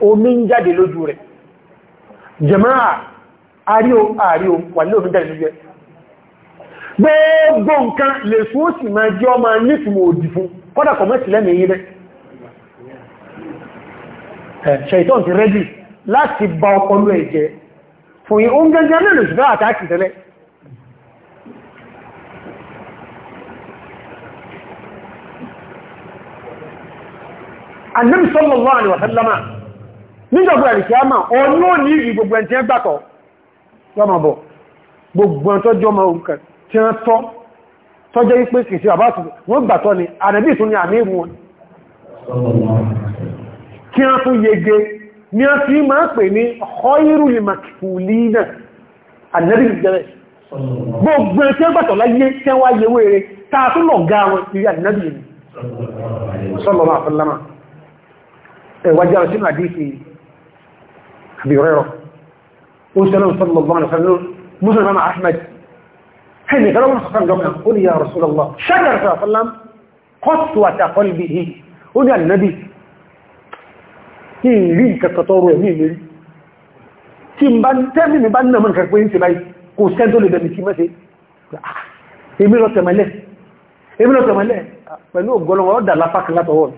omi ń jáde lójú rẹ̀ jẹ̀máà àrí o àrí o wà ní omi jáde lójú rẹ̀ gbogbo nǹkan lè fún ó sì máa jẹ́ ọmọ nífìmọ̀ òdì fún kọ́dà kọ̀mọ́sì lẹ́mìí rẹ̀ ṣẹ̀tọ́n ti rẹ́dì láti bá ọpọlú ẹ̀jẹ́ fún yí oúnjẹ jẹ́ mẹ́rin ṣùgbọ́n àtàkì tẹ́lẹ̀ annabi sallallahu alaihi wasallama nígbàgbà ìkìyàmà ọ̀nà ní ìrì gbogbo ẹni tí wọ́n gbàtọ̀ lọ́mọ̀bọ̀ gbogbo ẹni tọ́jọ́ ma òkè tí wọ́n tọ́ tọ́jọ́ wípé kìsí àbáṣù wọ́n gbàtọ̀ ni ànàbí ìtún ni àmì ìrùn wọn kí wọ́n tún yege ní wọ́n fi máa pè ní ọ̀họ́irù limakifulina ànàbí ìjẹ́rẹ̀ gbogbo ẹni tí wọ́n gbàtọ̀ láyé tí wọ́n wáyé wéere táa tún lọ ga wọn ìrì ànàbí ìrìn sọ́lọ́mà àfẹ́lámà ẹ̀wájá ọ̀sínú àdífì أبي هريرة وسلم صلى الله عليه وسلم مسلم مع أحمد حين قالوا من خصام جمعا قل يا رسول الله شكر صلى الله عليه وسلم قسوة قلبه قل يا النبي إن ليك كتور يمين لي تنبان تمين بان من كربوين تبعي قسان دول بمتي مسي èmi lọ tẹ̀mẹ̀lẹ̀ èmi lọ tẹ̀mẹ̀lẹ̀ pẹ̀lú ògbọ́lọ́wọ́ ọ̀dà lápákì látọwọ́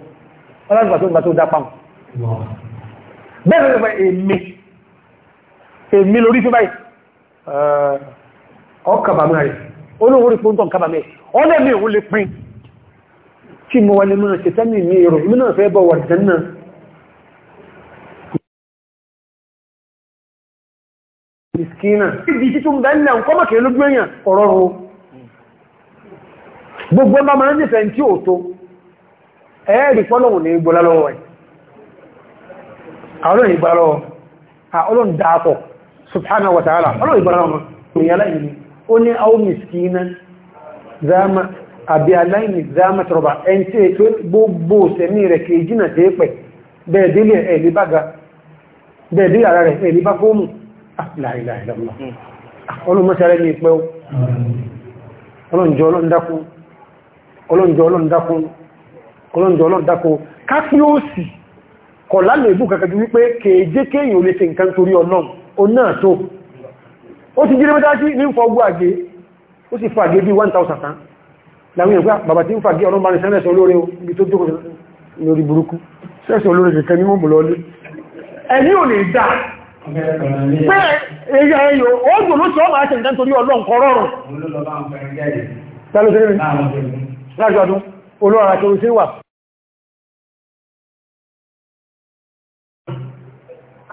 ọlọ́gbà tó gbà tó dápam bẹ́ẹ̀ rẹ̀ èmi èmi lórí fí báyìí ọkàbàmà rẹ̀ olóòwò rí pọ́ntọ̀ kàbàmà ọdẹ́ mi òun lè pín tí mo wà ní mìíràn ṣe tẹ́mì ní èrò mìíràn fẹ́ bọ̀ wà jẹ́nà ìskínà ibi títún bẹ́ẹ̀nà kọ́mọ̀kẹ́ lójú èèyàn ọ̀rọ̀rọ̀ gbogbo ọmọ máa ń nífẹ̀ẹ́ tí ó tó ẹ̀ẹ́rì fọ́lọ̀wọ̀n ní gbọ́lá lọ́wọ́ ẹ̀ subhanahu wa ta'ala ọlọ́rọ̀ ìgbàra ọmọ ìyàlá ìní ó ní àwọn mìskínà zama àbí aláìní zama tọrọba ẹn tí è tó gbogbo sẹ̀mí rẹ̀ kejì náà tẹ́ pẹ̀ bẹ̀ẹ̀dẹ́lẹ̀ ẹ̀lẹ́bága bẹ̀ẹ̀dẹ́lẹ̀ ara rẹ̀ ẹ̀lẹ́bágómù ah, la ilaha illallah ah, ọlọ́mọsẹ̀rẹ́ ní ìpẹ́ ọlọ́njọ́ ọlọ́ndakun ọlọ́njọ́ ọlọ́ndakun lè bú kàkàjú wípé kèèjé kéèyàn lè ṣe nǹkan torí ọlọ́run o náà tó ó ti jírí mẹ́ta sí ní fọ́gbọ́ àgbé ó sì fàgé bí 1000 tán láwọn ìgbà ah, bàbá tí ń fàgé ọ̀rọ̀ bá ní sẹ́rẹ̀sọ olóre ibi tó jókòó lórí burúkú sẹ́rẹ̀sọ olóre kẹ̀kẹ́ ní mọ́bù lọ́lé ẹni ò lè dá pé ẹyà ẹyọ oójò ló sọ máa tẹ̀lẹ̀ nítorí ọlọ́n kọrọrùn Láàrín ọdún, olóra àtọrùsí wà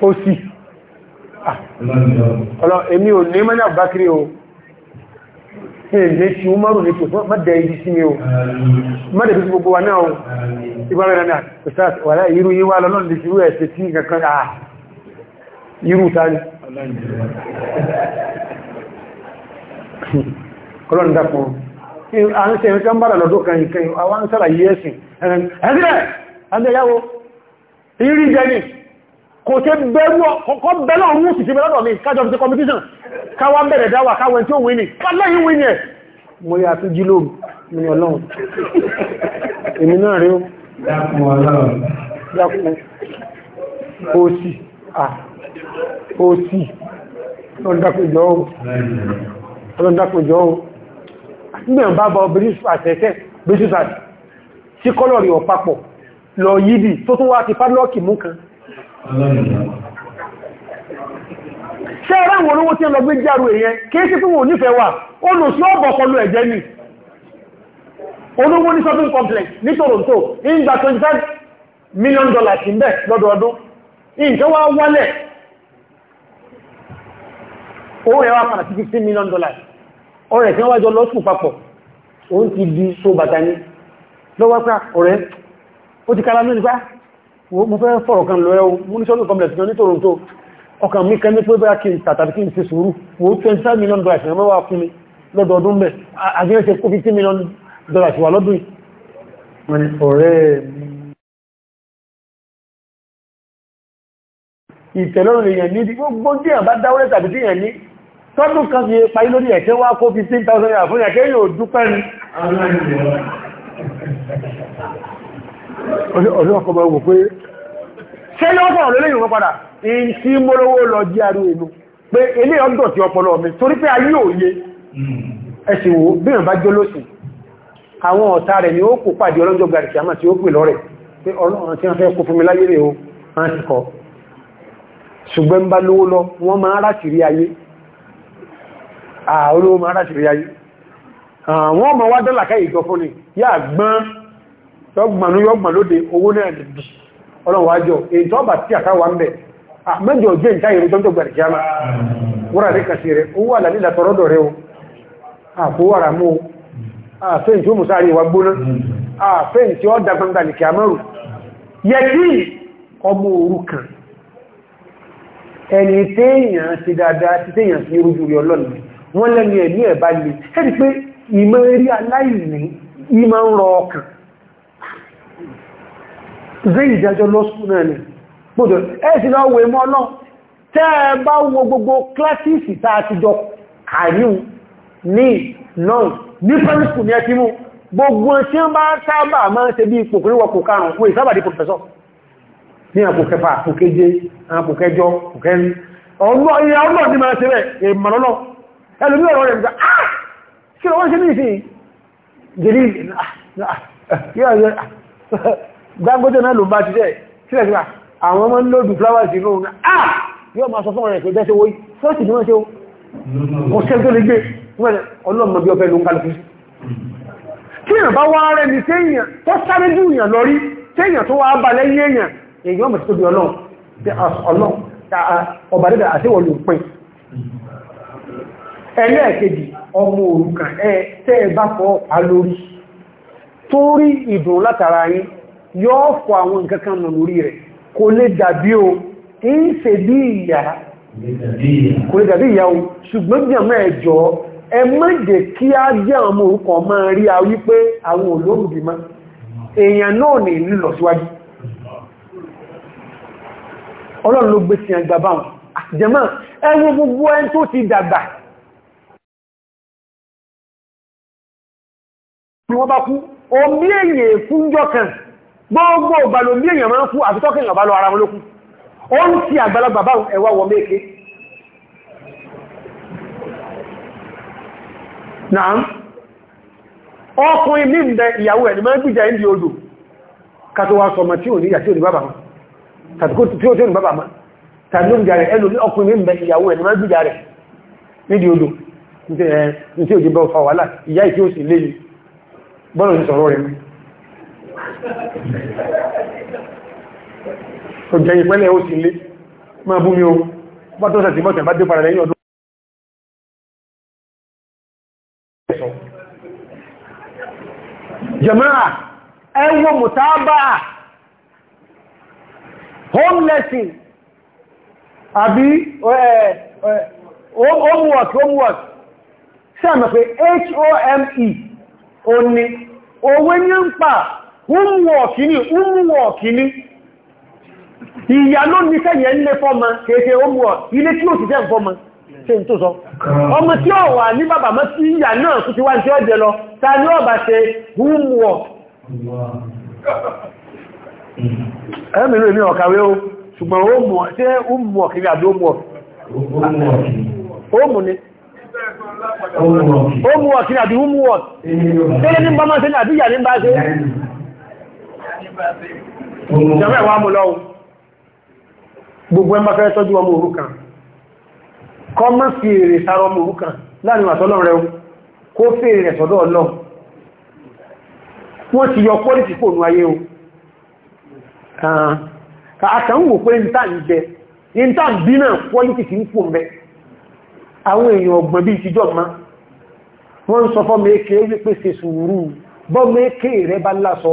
ó sì ah. ọ̀lọ́ èmi ò ní mọ́nà bákírí o ilẹ̀ tí ó márùn ní tòsán mọ́dẹ̀ ibi sí mi o mọ́dẹ̀ tó gbogbo wa náà o ìgbàmẹ́ra náà ustaz wà láì irú yíwá lọ́nà lè fi rú ẹ̀sẹ̀ tí kankan àà ah. irú tàbí a ń ṣe ẹ̀kan bára lọ́dọ́ kan ìkẹyìn àwọn sára yẹ́sìn kò ṣe bẹ̀rù ọkọ̀ bẹ̀rù ọ̀rún òsìsí mẹ́lọ́dọ̀ mi kájọ fi ṣe competition káwà bẹ̀rẹ̀ dáwà káwẹ̀ tí ó wí ní kálẹ́yìn wí ní ẹ̀ mo yà tó jí lóòm ní ọlọ́run èmi náà rí ó dákun ọlọ́run dákun òsì òsì ọlọ́dákùnjọ́ ohun nígbẹ̀ bá bá obìnrin àtẹ́ẹ̀kẹ́ bíṣùsàtì sí kọ́lọ̀rì ọ̀pápọ̀ lọ yìí tó tún wá ti fádlọ́ọ̀kì mú kan ṣe ẹ̀rọ àwọn olówó tí ń lọ gbé járù èyẹn kìí sí fún wọn nífẹ̀ẹ́ wà olùsí ọ̀bọ̀ kọlu ẹ̀jẹ́ ni olówó ní shopping complex ní Toronto ń gba 25 million dollars ń bẹ̀ lọ́dọọdún nǹkan wá wálẹ̀ owó ẹ̀wà padà sí 15 million dollars ọ̀rẹ́ tí wọ́n wájọ lọ́sùn papọ̀ òun ti di so bàtà ní lọ́wọ́ pé ah, ọ̀rẹ́ ó ti kára lónìí ah, mo fẹ́ fọ̀rọ̀ kan lọ ẹwọ municipal complex kan ní Toronto ọkàn mi kẹ́ ní pé bá kí n tàbí kí n ti sùúrù wo 25 million dollars ní mẹ́wàá fún mi lọ́dọọdún mẹ́ agẹ́rẹ́sẹ̀ 50 million dollars wà lọ́dún ọ̀rẹ́ ìtẹ̀lọ́rùn èèyàn ní gbogbo tí èèyàn bá dáwọ́lẹ̀ tàbí tí èèyàn ní tọ́dún kan fi parí lórí ẹ̀kẹ́ wá kó 15,000 fún ẹ̀kẹ́ yóò dúpẹ́ ni ọ̀sọ́kọ̀ máa wò pé ṣé lọ́pọ̀ lórí ìrùn padà ìṣí mọ́lọ́wọ́ lọ jí arú inú pé ilé ọdọ̀ tí ọpọlọ mi torí pé ayé òye ẹ̀sìn wo bí ìrìn bá jọ lóṣù àwọn ọ̀tá rẹ̀ ni ó kò pàdé ọlọ́jọ́ gàrìkì àmà tí ó pè lọ́rẹ̀ pé ọlọ́run tí wọ́n fẹ́ kó fún mi láyé rẹ̀ o máa ti kọ́ ṣùgbọ́n bá lówó lọ wọ́n máa rátìrí ayé àwọn olówó máa rátìrí ayé àwọn ọmọ wá dọ́là káyìí gọ fún ni yá gbọ́n yọgbọ̀nú yọgbọ̀n lóde owó náà lè bí ọlọ́wàájọ́ èyí tó bà tí àtàwà ń bẹ̀ mẹ́jọ jẹ́ ìta ìrìn tó ń tó gbẹ̀rẹ̀ kí a máa wúrà rí kàṣí rẹ̀ owó àlàlílà tọrọdọ̀ rẹ̀ o àkówàrà mú àfẹ́yìn tí ó mùsáàrí wa gbóná àfẹ́yìn tí ó dàgbàndà lè kí a mọ́rù yẹ kí ọmọ òrukàn ẹni téèyàn sí dáadáa sí téèyàn sí irú jùlọ lọ́nà wọ́n lẹ́ni ẹ̀mí ẹ̀ bá le ẹ̀rí pé ìmọ̀ eré aláìní ìmọ̀ ń rọ ọkàn zai ìdájọ́ lọ́sùn náà ni gbogbo ẹ̀sìn lọ wè mọ́ lọ tẹ́ ẹ bá wo gbogbo kílásìsì tá a ti jọ kàríun ní náà ní pẹ́lúkù ní ẹtí mú gbogbo tí wọ́n bá sábà máa ń ṣe bí ipò kúrò kò karùn-ún wọ́n ìsábà di pòfẹ́sọ́ ní àpò kẹfà àpò keje àpò kẹjọ àpò kẹrin ọmọ ìyá ọmọ ní máa ṣe rẹ̀ ìmọ̀lọ́lọ́ ẹlùmí ọ̀rọ̀ rẹ̀ nígbà ah kí lọ wọ́n ṣe Dangote náà ló bá ti jẹ́ sílẹ̀sílẹ̀ àwọn ọmọ lòdù flowers inú ọ̀nà ah yóò máa sọ fún ọ̀rẹ́ ìpẹ́jẹ́ owó sọ́ọ̀tì ní wọ́n ṣe ó ṣe tó lè gbé ọlọ́mọ bí ọfẹ́ ló ń kálùkù sí kí èèyàn bá wá rẹ̀ ní téèyàn tó sáré jù èèyàn lọ rí téèyàn tó wá bá lẹ́yìn èèyàn èèyàn mọ̀ sí tóbi ọlọ́run ah, ah, ọba dídà àṣíwọ̀ ló pin ẹlẹ́ẹ̀kejì ọmọ òrukàn ẹ tẹ́ ẹ bá fọ́ pa lórí torí ìdùn látara yín yóò fọ àwọn nǹkan kan nà lórí rẹ̀ kò lè dàbí o ń ṣe bí ìyá kò lè dàbí ìyá o ṣùgbọ́n jẹ́mọ́ ẹ̀jọ́ ẹ má kí á jẹ́ àwọn orúkọ ma rí a wípé àwọn olóòdì èèyàn náà ní lílọ síwájú ah, kan gbogbo ìgbàlò ní èèyàn máa ń fún àfitọ́kì ìyàn bá lọ ara wọn lókún ó ń ti àgbàlagbà bá ẹwà wọ méèké náà ọkùnrin ní ìbẹ̀ ìyàwó ẹ̀ máa ń gbìjà ìdí odò kàtò wa sọmọ tí ò ní ìyà tí ò ní tàbí ẹlò ní ọkùnrin ní ìyàwó máa ń gbìjà odò tó jẹ ìpẹ́lẹ̀ ó sì lé máa bú mi o bá tó sẹ̀tì mọ́tẹ̀ bá dé padà lẹ́yìn ọdún jẹ̀mọ́ra ẹwọ mùtábà home lesson àbí homework homework sí àmà pé h-o-m-e òní owó ní ń pa wúrúwọ̀ kìíní wúrúwọ̀ kìíní ìyà ló ní sẹ́yẹ̀ ilé fọ́mọ kéèkéé ọmọ ilé tí ó ti jẹ́ fọ́mọ ṣe n tó sọ ọmọ tí ó wà ní bàbá mọ́ sí ìyà náà tó ti wá tí ó jẹ lọ ta ní ọba ṣe wúrúwọ̀ ẹ̀mìnú èmi ọ̀kàwé ó ṣùgbọ́n ó mọ̀ ṣe ó mọ̀ kìí àbí ó mọ̀ ó kìí àbí ó ìjọba ẹ̀wà mú lọ́wọ́ gbogbo ẹmà fẹ́ tọ́jú ọmọ òrukàn kọ́ mọ́ sí èrè sára ọmọ òrukàn láàrin àtọ́lọ́ rẹ̀ kó fèrè rẹ̀ sọ́dọ̀ ọlọ́ wọ́n ti yọ pọ́lìtì fóònù ayé o àkànwò pé ìta ń jẹ ìta ń bí náà pọ́lìtì sí ń fò mẹ́ àwọn èèyàn ọgbọ̀n bí ìtijọ́ ma wọ́n ń sọ fọ́ mẹ́kẹ́ wípé ṣe sùúrù bọ́ mẹ́kẹ́ rẹ̀ bá lásọ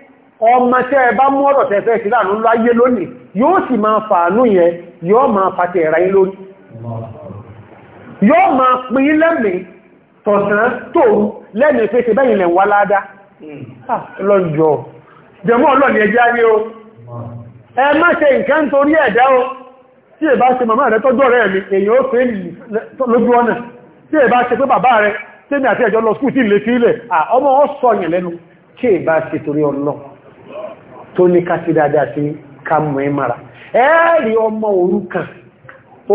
ọmọ tẹ́ ẹ bá mú ọ̀rọ̀ tẹ́fẹ́ sí láàánú láyé lónìí yóò sì máa fàánú yẹn yóò máa pàtẹ ẹ̀rà yín lórí yóò máa pín lẹ́mìí tọ̀sán tóòrù lẹ́mìí pé ṣe bẹ́yìn lẹ̀ wá ládá lọ́jọ́ jẹmọ́ ṣe torí ẹ̀dá mi èyàn ó fẹ́ lójú ọ̀nà tí ẹ bá ṣe pé bàbá rẹ tẹ́mi àti ẹjọ́ lọ skúù tí ilé fílẹ̀ ọmọ ọ sọ yẹn tó ní ká sí dáadáa sí ká mọ̀ ẹ́ mara ẹ́ẹ̀rí ọmọ òrukàn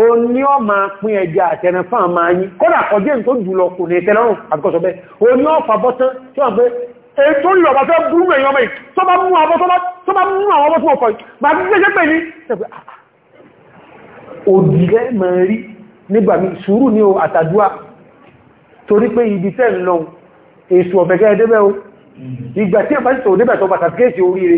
o ní ọmọ pín ẹja àtẹran fún àmà yí kódà kọjẹ́ tó jùlọ kò ní ẹ̀tẹ́lọ́rùn àbíkọ́sọ bẹ́ o ní ọ̀pá bọ́tán tí wọ́n pé ètò ìlọ̀bá tó burú èèyàn mẹ́ tó bá mú àwọn nígbà mi sùúrù ní o àtàdúà torí pé ibi tẹ́ ń lọ èsù ọ̀fẹ́gẹ́ ẹdẹ́bẹ́ o ìgbà tí ẹ̀bá tó bàtàkì oríire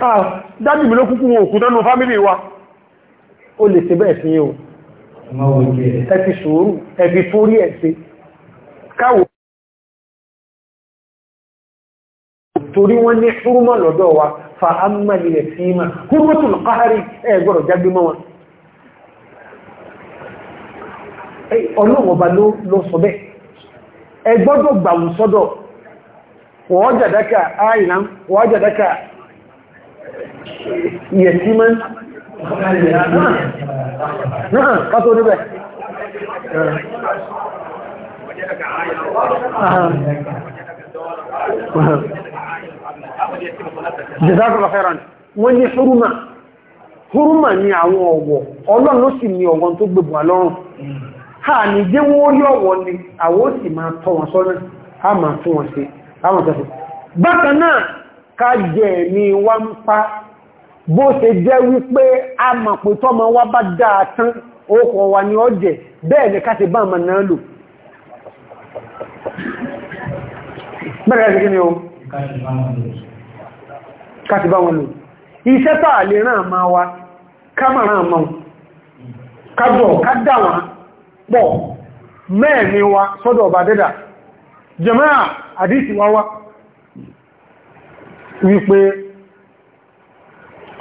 Ah, dájú mi ló kúkú òkú nánú fámílì wa O lè ṣe bẹ́ẹ̀ sí o ẹ fi sùúrù fórí ẹ̀ káwò torí wọ́n ní ṣúrúmọ̀ lọ́dọ̀ wa fa ámàlì sí ma wọn ló sọ bẹ́ wọ́n jàdákà wọ́n jàdákà yatiman mọ́ náà kátó níbẹ̀ jẹ́sàkùnlọ fẹ́ràn wọ́n ní ṣúrùmà ni àwọn ọ̀wọ̀ ọlọ́run ló sì ní tó gbogbo àlọ́run ha ni jẹ́ wọ́n rí ọ̀wọ̀ ni àwọn sì máa tọ́ wọn sọ́nà a máa tún wọn sí àwọn ká jẹ́ bó ṣe jẹ́ wípé a mọ̀ pé tọ́mọ wá bá dáa tán ókọ̀ wà ní ọjẹ́ bẹ́ẹ̀ ni ká bá náà lò bẹ́ẹ̀ rẹ̀ ni o ká bá wọn lò iṣẹ́ tàà lè wá kámàràn mọ́ kájọ̀ kádà wọn pọ̀ mẹ́ẹ̀ni wa sọ́dọ̀ ọba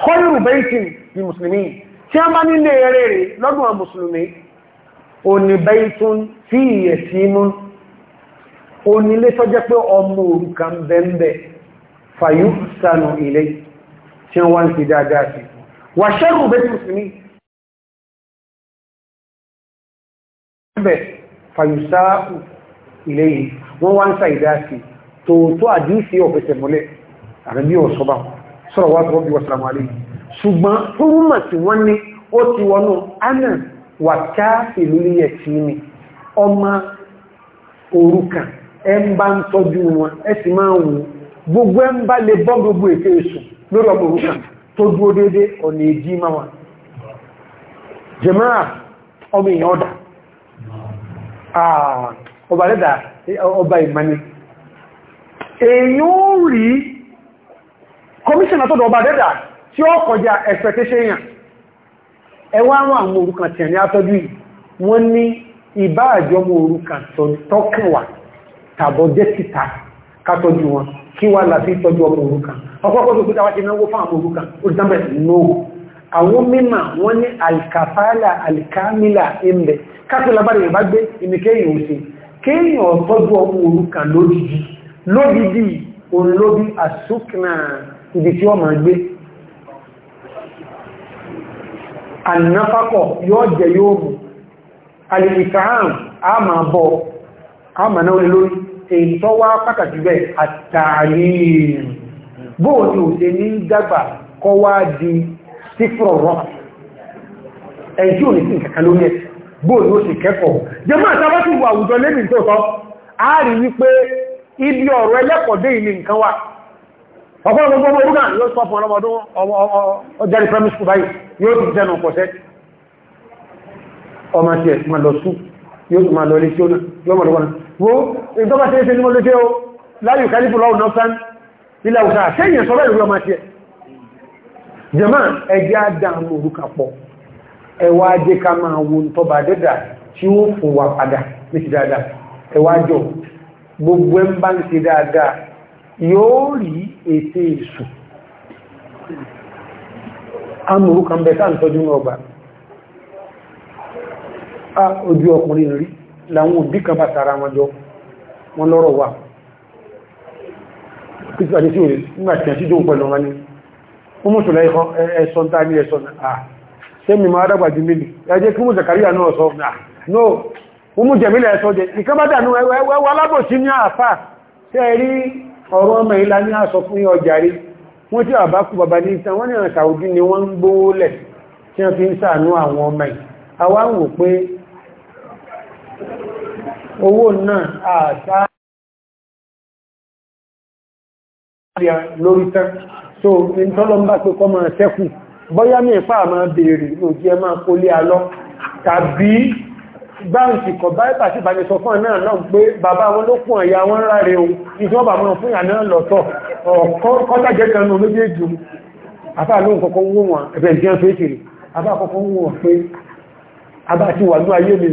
kọ́lù bẹ́ẹ̀tì ní mùsùlùmí tí a bá nílé eré rẹ̀ lọ́dún àwọn mùsùlùmí o ní bẹ́ẹ̀tún tí ìyẹ̀ sí mú o nílé tó jẹ́ pé ọmọ òrùka ń bẹ́ẹ̀bẹ̀ fàyú sànù ilé tí wọ́n ń ti dáadáa sí wà ṣẹ́rù bẹ́ẹ̀tì mùsùlùmí wọ́n wá ń sàìdá sí tòótọ́ àdíṣe ọ̀fẹ́sẹ̀ mọ́lẹ̀ àrẹ́bí ọ̀sọ́bà sọ̀rọ̀ wá tọ́bí wọ́sàmù aléyìí ṣùgbọ́n fúrúmà tí wọ́n ní ó ti wọnú anà wà ká ìlú yẹ̀ tí ní ọmọ òrukà ẹ ń bá ń tọ́jú wọn ẹ sì máa wù gbogbo ẹ ń bá lè bọ́ gbogbo ètò èṣù lórí ọmọ òrukà tó dúó dédé ọ̀nà èjì máa wà kọmíṣẹ́nà tó dọ̀ọba dẹ́dà tí ó kọjá expectation yàn ẹwà àwọn àwọn orúkàn tí a ní àtọ́jú yìí wọ́n ní ìbá àjọmọ̀ orúkàn tọ́kànwà tàbọ̀ jẹ́ títà kátọ́jú wọn kí wá láti tọ́jú ọmọ orúkàn ọ̀pọ̀pọ̀ kéèyàn tọ́jú ọmọ orúkàn lódìdí lódìdí òun lóbi àsúkìnà ibi tí ọmọ gbé ànáfàkọ̀ yóò jẹ yóò mú alìkàáhùn a máa bọ́ a máa náà lórí èyí tó wá pàtàkì bẹ́ àtàrí ṣe di ni kẹ́kọ̀ọ́ wà àwùjọ sọ a rí wípé ibi ọ̀rọ̀ ẹlẹ́kọ̀ọ́dé nǹkan wà ọ̀pọ̀ gbogbo orúkà yóò sọ fún ọlọ́mọdún ọjọ́rí primary school báyìí yóò ti jẹ́nu pọ̀ṣẹ́ ọmọ tí ẹ̀ ma lọ sú yóò ma lọ lé tí ó náà yóò mọ̀ lọ́wọ́n wo ìjọba tí ó ṣe ní mọ́ lóṣẹ́ o láyé ìkálífù lọ́wọ́ nọ́sán ilẹ̀ òṣà sẹ́yìn sọ́rọ̀ ìlú ọmọ tí ẹ̀ jẹ́mà ẹjẹ́ àdáhùn orúkà pọ̀ ẹwà ajé ká máa wo tọba dẹ́dà tí ó fún wa padà ní ti dáadáa ẹwà jọ gbogbo ẹ ń bá ń dáadáa yóò rí ètè èṣù amòrú kan bẹ̀ sáà ń ọgbà a ojú ọkùnrin rí láwọn òbí kan bá tara wọn jọ wọn lọ́rọ̀ wà pítí sí òrìl nígbàtí àti jóun pẹ̀lú wọn ni ó mú ṣùlẹ̀ tàbí dágbà ẹjẹ́ kí mú Zakaria náà sọ no mú jẹ̀mílẹ̀ ní alábòsí ní àfà tẹ́ẹ̀rí ọ̀rọ̀ ọmọ ìlà ní aṣọ fún ọjàrí wọ́n tí àbá kú bàbá ní ìsan wọ́n ní àwọn Saudi ni wọ́n ń gbóólẹ̀ tí wọ́n fi ń ṣàánú àwọn ọmọ ì àwa ń wò pé owó náà àṣà lórí tán so in tọ́lọ́ ń bá pé kọ́ máa ṣẹ́kù bọ́yá mi ìpá àmà béèrè ní òjí ẹ báǹkì kọ̀ báyìí pàtí bàbí sọ fún ẹ̀nà náà pé bàbá wọn ló fún ẹ̀yà wọn ráre ohun ìjọba wọn fún ìyà náà lọ́tọ̀ ọ̀kọ́tàjẹ́ kanú olóbéjì àbá lóhun kọ́kọ́ wó wọn ẹ̀bẹ̀ ìjẹ́ fẹ́ kiri àbá kọ́kọ́ wó wọn pé àbá ti wà ní ayé mi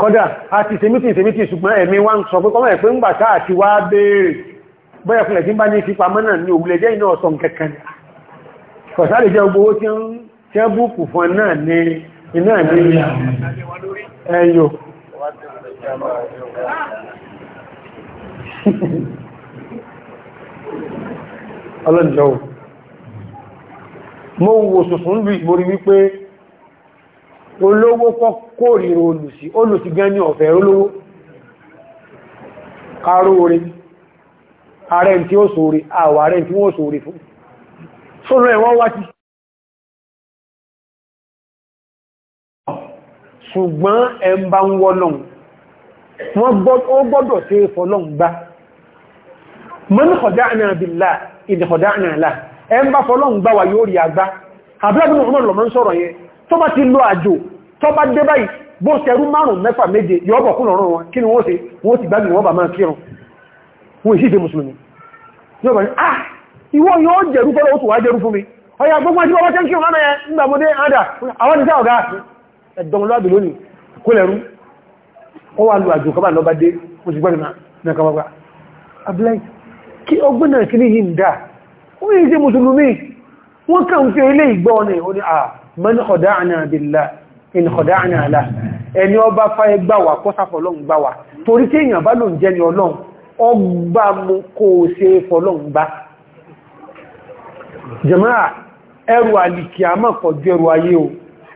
kọ́dà a ti sèmítì sèmítì ṣùgbọ́n ẹ̀mí wá ń sọ pé kọ́mọ̀ ẹ̀pẹ́ ń gbà táà ti wá béèrè bọ́yẹ̀ fún ẹ̀kí bá ní ìfipamọ́ náà ní òwúlẹ̀ jẹ́ ìná ọ̀sán kẹkẹrẹ kọ̀sáré jẹ́ gbogbo tí ń tẹ́bùkù fún náà ní iná ní ẹyọ ọlọ́dìjọ́wò mo wò sùsùn lù ìgbórí wípé olówó kọ́kọ́ ríro olùsí olùsí gan ní ọ̀fẹ́ olówó aró ààrẹ tí ó sóre àwọ̀ ààrẹ tí wọ́n sóre fún sọ́rọ̀ ẹ̀wọ́n wá ti ṣùgbọ́n ẹmbá ń wọ́lọ́n wọ́n gbọ́dọ̀ tí fọ́lọ́n gbá mọ́n kọ̀dáàna bílá ìdìkọ̀dáàna lá ẹmbá fọ́lọ́n gbá wà yóò rí agbá àbúrábìnà ọmọ lọ mọ́n sọ̀rọ̀ yẹn tó bá ti lọ àjò tó bá dé báyìí bó ṣẹrú márùn-ún mẹ́fà méje yọ́bọ̀ kún ọ̀rọ̀ wọn kí ni wọ́n ṣe wọ́n ti gbágbì wọ́n bà máa kírun wọ́n èsì ìdè mùsùlùmí yóò bá ní ah ìwọ yóò jẹ̀rú fọ́lọ́ ó tù wá jẹ́rú fún mi ọya gbogbo ẹjọ́ wọ́n tẹ́ kí wọ́n náà ń gbàmọ́dé àdà àwọn ìṣẹ́ ọ̀gá ẹ̀dọ́mọlúwàbí lónìí kó lẹ́rú ó wà lù àjò kọba lọ́bá dé mo ti gbọ́nà náà kọba abúláì kí ọgbọ́n náà kí ní yìí ń dà ó yìí jẹ́ mùsùlùmí wọ́n kàn ń fi ilé ìgbọ́ ọ̀nà ìhóní à mọ́ni ọ̀dá àná àbìlá àlìkìá mọ̀kọ̀ ju ẹrù ayé o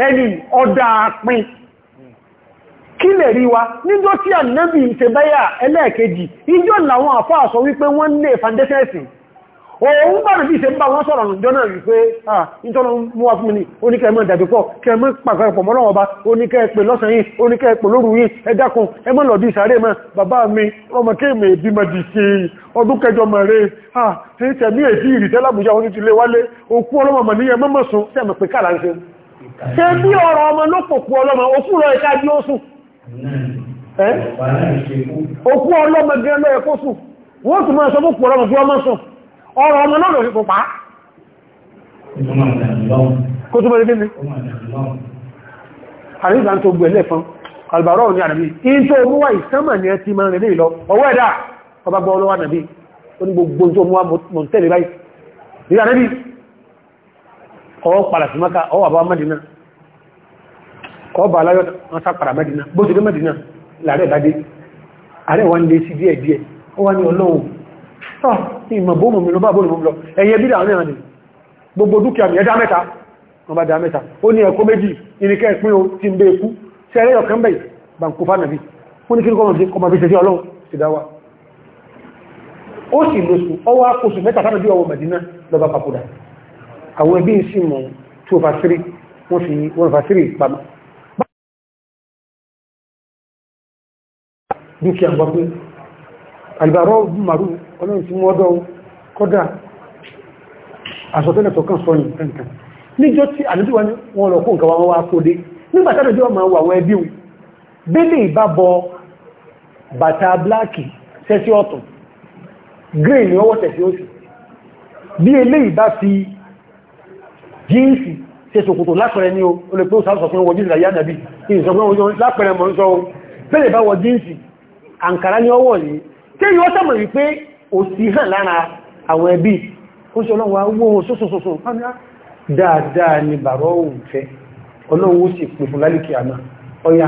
ẹni ọdá pín kí lè rí wa níjọ́ tí ànábì ìṣẹ̀bẹ́yà ẹlẹ́ẹ̀kejì ìjọ́ làwọn àfáà sọ wípé wọ́n lè fàndẹ́sẹ̀ẹ̀sìn òun bá nàbí ìṣẹ́ bá wọ́n sọ̀rọ̀ jọna wípé ìjọ́nà wa fún mi ní oníkẹ́ẹ̀mọ́ ìdàjúpọ̀ kẹ́ẹ̀mọ́ pàkàrẹ̀pọ̀ mọ́lọ́wọ́ba oníkẹ́ẹ̀pẹ̀ lọ́sàn wálé ọlọ́mọ̀mọ̀ ń ṣe ṣe bí ọ̀rọ̀ ọmọ ló pòpò ọlọ́mọ òkú lọ ẹ̀ká bí ó sùn òkú ọlọ́mọ gẹ́ lọ ẹ̀kó sùn wọ́n tún máa sọ pòpò ọlọ́mọ bí ọmọ sùn ọ̀rọ̀ ọmọ náà lọ sí pòpá kó túnmọ̀ lé gẹ́gẹ́ àríkà tó gbẹ̀ lẹ́fọn albàrọ̀ ní àrẹ̀bí in tó mú wá ìsánmà ní ẹtí máa rẹ̀ lọ ọwọ́ ẹ̀dá ọba gbọ́ ọlọ́wà nàbí ó ní gbogbo tó mú wá mọ̀tẹ́lẹ̀ báyìí ọ padà sí maka ọ wà bá mẹ́dínà ọ bá aláyọ́ wọn sá padà mẹ́dínà bó ti dé mẹ́dínà láàrẹ ìdádé ààrẹ wọn lè sí díẹ̀ díẹ̀ ó wá ní ọlọ́run sọ ìmọ̀ bó mọ̀ mìíràn bá bó mọ̀ ẹ̀yẹ bí láàrin àrẹ gbogbo dúkìá mi ẹ̀dá mẹ́ta wọn bá dá mẹ́ta ó ní ẹ̀kọ́ méjì irinṣẹ́ ìpín o ti ń bẹ ikú sí ẹ̀rẹ́ ọ̀kan bẹ̀ bàǹkú fánàbí ó ní kí kọ́mọ̀ fi ṣe sí ọlọ́run ti dá wa ó sì lóṣù ọwọ́ akóṣù mẹ́ta fánàbí ọwọ́ mẹ́dínà lọ́ba papòdà àwọn ẹbí ń sì mọ̀ 2 over 3 wọ́n fi 1 over 3 pamọ́ dúkìá gbọ́ pé àlìbàrọ̀ màrú ọlọ́run tí wọ́n dọ́wọ́ kọ́dà àsọtẹ́lẹ̀ tọ́kàn sọ́yìn ẹnkan níjọ́ tí àdúgbà wọn lọ kó nǹkan wọn wá kó dé nígbàtàdà jọ ma wà wọn ẹbí wù bẹ́lẹ̀ ìbábọ̀ bàtà bláàkì sẹ́sí ọ̀tún green ni ọwọ́ tẹ̀sí ó sì bí eléyìí bá fi jíǹsì ṣe ṣòkòtò lápẹẹrẹ ní o lè pé ó sáàsọ̀ fún wọ jíǹsì àyà nàbí ìṣọ̀gbọ́n lápẹẹrẹ mọ̀ ń sọ bẹ́ẹ̀ bá wọ jíǹsì àǹkàrá ní ọwọ́ yìí tí yíó sàmọ̀ wípé ò sí hàn lára àwọn ẹbí ó ṣe ọlọ́run awó sóṣòṣòṣò ah, dáadáa ni bàrọ̀ òun fẹ́ ọlọ́run ó sì pè fún lálìkì àmà ọya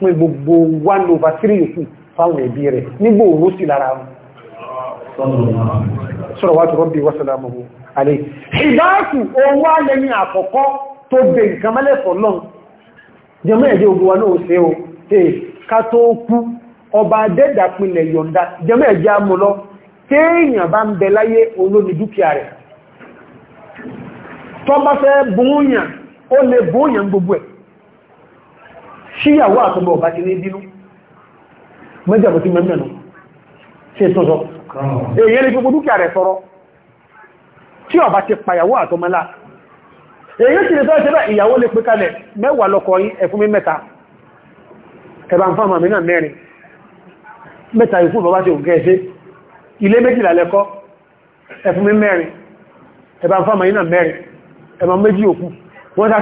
pín gbogbo 1 over 3 fún fáwọn ẹbí rẹ̀ nígbò òun ó sì lára wọn sọ́rọ̀wátù rọ́bì wọ́sàlámùhù alẹ́ ìdáàkù owó alẹ́ni àkọ́kọ́ tó bẹ nǹkan mẹ́lẹ̀fọ́ lọ́n jẹmọ́ ẹ̀dẹ́ ogun wa náà ṣe o tẹ́ ká tó kú ọba dẹ́dà pinlẹ̀ yọ̀nda jẹmọ́ ẹ̀dẹ́ amúlọ téèyàn bá ń bẹ láyé olómi dúkìá rẹ̀ tó bá èyí ni gbogbo dúkìá rẹ̀ sọ́rọ̀ tí ọba ti pàyàwó àtọmọlá èyí sì lè tọ́jú bẹ́ ìyàwó lè pé kalẹ̀ mẹ́wàá lọ́kọ yín ẹ fún mi mẹ́ta ẹ̀bà ń fáwọn àmìnà mẹ́rin mẹ́ta ikú bàbá tí ó gẹ́ẹ̀ṣẹ́ ilé méjìlá lẹ́kọ́ ẹ fún mi mẹ́rin ẹ̀bà ń fáwọn àmìnà mẹ́rin ẹ̀bà méjì òkú wọ́n sá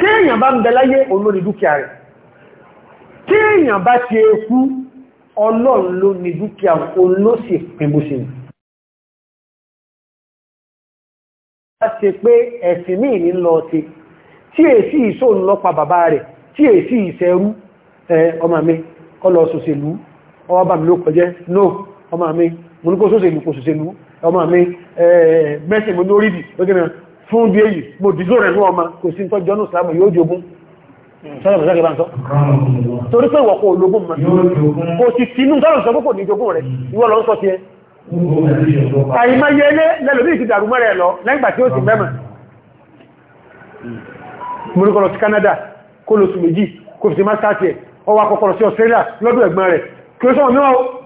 téèyàn bá ń bẹ láyé olóni dúkìá rẹ̀ téèyàn bá ti ẹkú ọlọ́run ló ní dúkìá olóòsì pínbúsí láti pé ẹ̀sìn míì ní lọ ti tí èsì ìṣò ń bàbá rẹ̀ tí èsì ìṣẹ́rú ọmọ mi kọlọ no ọmọ mi mo ní kó sòsèlú kò sòsèlú ọmọ mi fún bí èyí mo dìzó rẹ̀ ní ọmọ kò sí tọ́jọ́ ní ìsìlámù yóò jogún torí pé ìwọ̀kọ̀ ológun mọ̀ kò sí sínú tọ́rọ̀ sọ púpọ̀ ní jogún rẹ̀ ìwọ lọ ń sọ ti ẹ àìmá yẹlé lẹ́lòmí ìsì dàrú mẹ́rẹ̀ lọ lẹ́gbà tí ó sì mẹ́mà múrúkọ̀lọ̀ sí Canada kó lóṣù méjì kò fi sí masters ẹ̀ ọwọ́ akọ́kọ̀lọ̀ sí Australia lọ́dún ẹ̀gbọ́n rẹ̀ kí ó sọ́wọ́ mẹ́wàá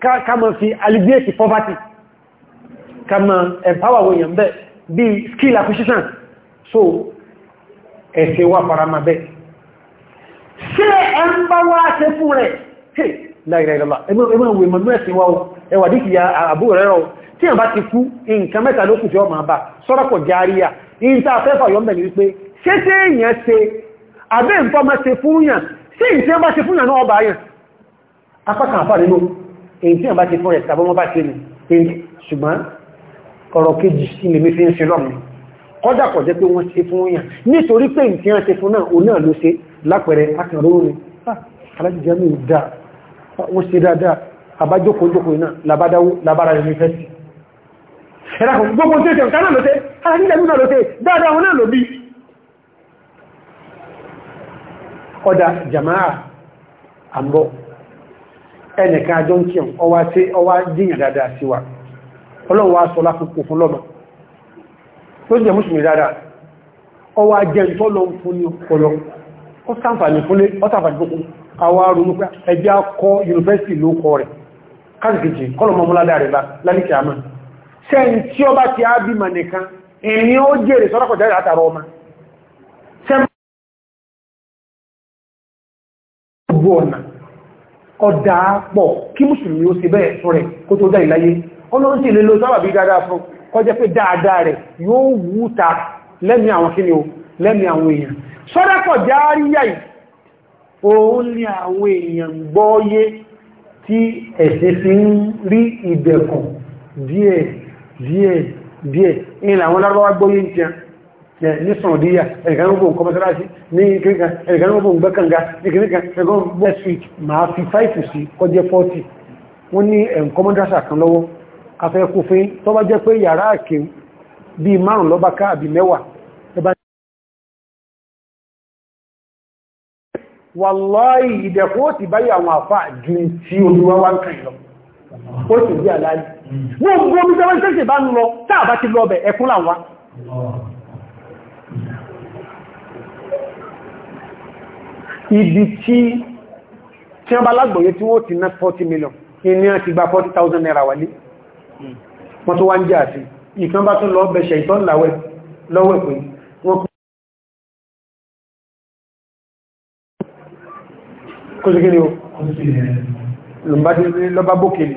ká ma fi alleviate poverty ká ma empower wọn yàn bẹ́ skill acquisition so ẹ̀sẹ̀ wà farama bẹ́ ṣe ẹ ń bá wá ṣe fún rẹ̀ hey láìláìlọ́lá ẹgbẹ́ ìwé mọ̀mọ́ ẹ̀sìn wá ẹwà díkì ya àbúrò rẹ̀ tí a bá ti kú nǹkan mẹ́ta ló kù tí ó máa bá sọ́rọ̀pọ̀ járíà ìta afẹ́fà yọ́mbẹ̀ ní wípé ṣé Se èèyàn ṣe se. ìfọ́mọ́ ṣe fúnyàn sí ìṣẹ́ bá ṣe fúnyàn náà ọba ayàn apákan ni nínú èyí tí wọ́n bá ti fún ẹ̀ta bọ́mọ́ bá ti rí ṣùgbọ́n ọ̀rọ̀ kejì sí lè mí fi ń ṣe lọ́mù kọ́dà kọ̀ jẹ́ pé wọ́n ṣe fún òyàn nítorí pé ìtí wọ́n ṣe fún náà o náà ló ṣe lápẹẹrẹ akànrórin ah, alájíjámi dá ah, wọ́n ṣe dáadáa àbájókòójókòó iná labádáwó labára rẹ̀ nífẹ́sì ẹ̀rakùn gbogbo tí ó ṣe ọ̀kan náà ló ṣe alájíjámi náà ló ṣe dáadáa wọn náà ló ẹnìkan àjọ ń kíyàn ọwá jíyàn dáadáa sí wa ọlọ́run wá sọ lápùpù fún lọ́mọ tó jẹ mùsùlùmí dáadáa ọwá jẹ tó lọ fún ní ọpọlọ ó sàǹfàní fúnlé ó sàǹfàní fún àwọn arúgbó pé ẹjẹ́ akọ yunifásitì ló kọ rẹ̀ káàkiri kọlọmọmúládà rẹ̀ bá lálẹ́kẹ̀ àmà sẹ́yìn tí ọba ti á bímọ ọ̀dà pọ̀ kí mùsùlùmí ó sì bẹ́ẹ̀ fún rẹ̀ kó tó dá ìláyé ọlọ́run sí ilé ló sábàbí dáadáa fún kọjẹ́ pé dáadáa rẹ̀ yóò wúta lẹ́mí àwọn kíni o lẹ́mí àwọn èèyàn sọ́dọ́pọ̀ járíyà ni àwọn èèyàn gbọ́yé tí ẹ̀sẹ̀ fi ń rí ìdẹ̀kùn díẹ̀ díẹ̀ ní sọ̀díyà ẹ̀rìkan ń gbọ́n kọmọsáráṣí ní kíríkà ẹ̀rìkan ń gbọ́n gbẹ́kànga ní kíríkà ẹ̀rọ westwick máa fi 5 sí kọjẹ́ 40 wọ́n ní ẹ̀ǹkọmọdásà kan lọ́wọ́ afẹ́kúfin tó bá jẹ́ pé yàrá àkè bí márùn lọ́bá ká àbí mẹ́wàá wàláì ìdẹ̀kọ́ ti báyìí àwọn àfà ju tí olúwa wá ń kàn lọ ó sì bí àlàyé wọ́n gbọ́ omi tẹ́wọ́n tẹ́sì bá ń lọ táà bá ti lọ bẹ̀ ẹkún làwọn ibi tí tí wọ́n bá lágbòye tí wọ́n ti ná 40 million ní a ti gba 40,000 naira wà ní wọ́n tó wá ń jẹ́ àti ìkan bá tún lọ bẹ̀ṣẹ̀ ìtọ́n láwẹ́ lọ́wẹ́ pé wọ́n kó sí kí ni o lọ́bá bókèlì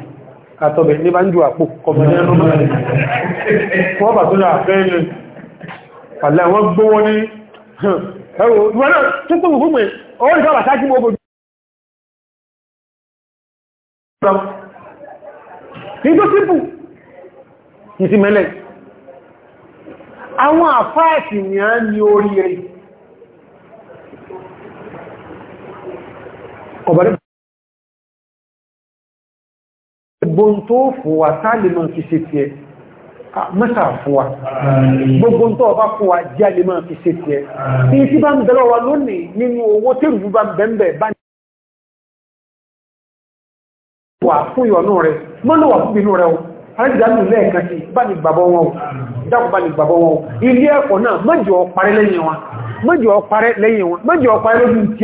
àtọ̀bẹ̀ ní bá ń ju àpò kọmọdé ẹnu ó rí sọ́rọ̀ sáájú mọ́ gbogbo ìjọ sípù ìsìnmẹ́lẹ̀ àwọn àfáàsì ni a ní orí rẹ̀ kọ̀bọ̀lẹ̀ gbogbo tó fún wa sáàlì náà kìí ṣe tiẹ̀ Ah, mẹ́ta fún wa gbogbo tó ọba fún wa jẹ́ alẹ́ máa fi ṣe ti ẹ̀ tí tí bá ń bẹ̀rẹ̀ wa lónìí nínú owó tèrù bá bẹ̀m̀bẹ̀ bá ní wà fún ìwọ̀nú rẹ̀ mọ́nà wà fún inú rẹ̀ o alájìdánù lẹ́ẹ̀kan sí bá ní o dákù bá ní gbàbọ́ wọn o ilé ẹ̀kọ́ náà mẹ́jọ parẹ́ lẹ́yìn wọn mẹ́jọ parẹ́ lẹ́yìn wọn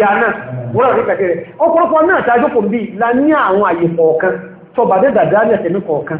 a náà wọ́n rẹ̀ kàkẹ́rẹ́ ọ̀pọ̀lọpọ̀ náà tàjókòó bí la ní àwọn àyè kọ̀ọ̀kan tọbàdẹ́dàdà lẹ́sẹ̀mí kọ̀ọ̀kan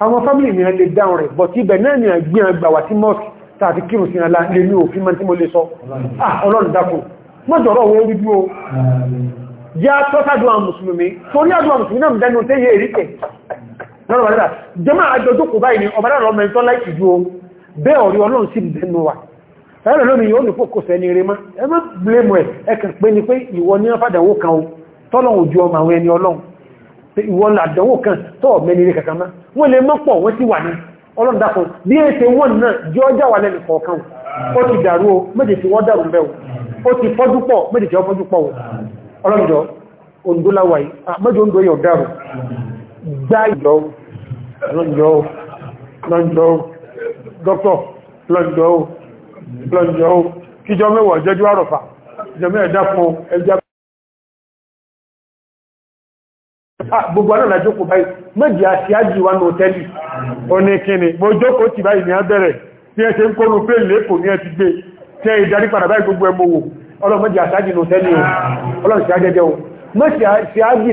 àwọn fámílì mi lè dáun rẹ̀ bọ̀ tí ibẹ̀ náà ni àgbíyàn gbàwà tí mọ́sí tàbí kírù sí alá lè ní òfin mọ́ tí mo lè sọ ah, ọlọ́run dákùn mọ́jọ̀rọ̀ owó wíbí o yá tọ́sádùn mùsùlùmí torí àdúwà mùsùlùmí náà dẹnu tẹ́ yẹ èríkẹ̀ lọ́rọ̀ tọ́lọ̀ òjú ọmọ àwọn ẹni ọlọ́run ìwọ̀n àdánwò kan tó mẹ́ni rẹ̀ kankan má wọ́n lè mọ́pọ̀ wọ́n ti wà ní ọlọ́dàkùn bí i ṣe wọ́n náà jẹ́ ọjà wà lẹ́nu kọ̀ọ̀kan ó ti dàrú o méjì tí wọ́n dàrú bẹ́ẹ̀ ó ti fọ́júpọ̀ méjì tí wọ́n fọ́júpọ̀ ọlọ́dọ̀ o mẹ́jọ ń doyọ̀ dàrú gbá ìjọ lọ́njọ́ kíjọ mẹ́wàá jẹ́jú àrọ̀fà jẹ́mẹ́ ẹ̀dá fún ẹjá Ah, gbogbo anáà la jókòó báyìí méjì àti ájì wa ní òtẹ́lì oníkíni mo jókòó ti báyìí ní abẹ́rẹ̀ tí ẹ ṣe ń kónú pé lẹ́kòó ní ẹ ti gbé tẹ ìdarí padà báyìí gbogbo ẹmọ wò ọlọ́mọdé àṣájì ní òtẹ́lì o ọlọ́mọdé àjẹjẹ o méjì àti ájì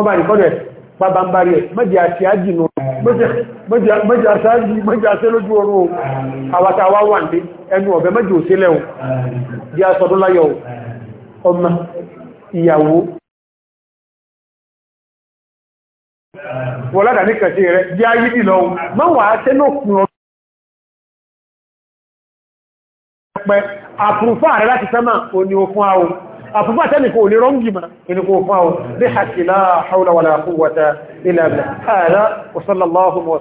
lẹ́nu pàbàmbarì ẹ̀ mẹ́jì àti àjìnà mẹ́jì àṣáájì mẹ́jì àṣẹ́ lójú orú àwàtàwà wà ní ẹnu ọ̀bẹ̀ mẹ́jì òṣèlẹ̀ o di asọ̀dọ́láyọ̀ ọmọ ìyàwó wọ́ládà ní kẹsí rẹ̀ di ayé nílọ mọ́wàá tẹ́ lókùn ọ pẹ́ àpùrùfà rẹ̀ láti sẹ́mà òní òfún àwọn àfúgbà tẹ́lì kò lè rọ́ngì ma inú kò fáwọn bí hàkìlá haula wala quwwata illa billah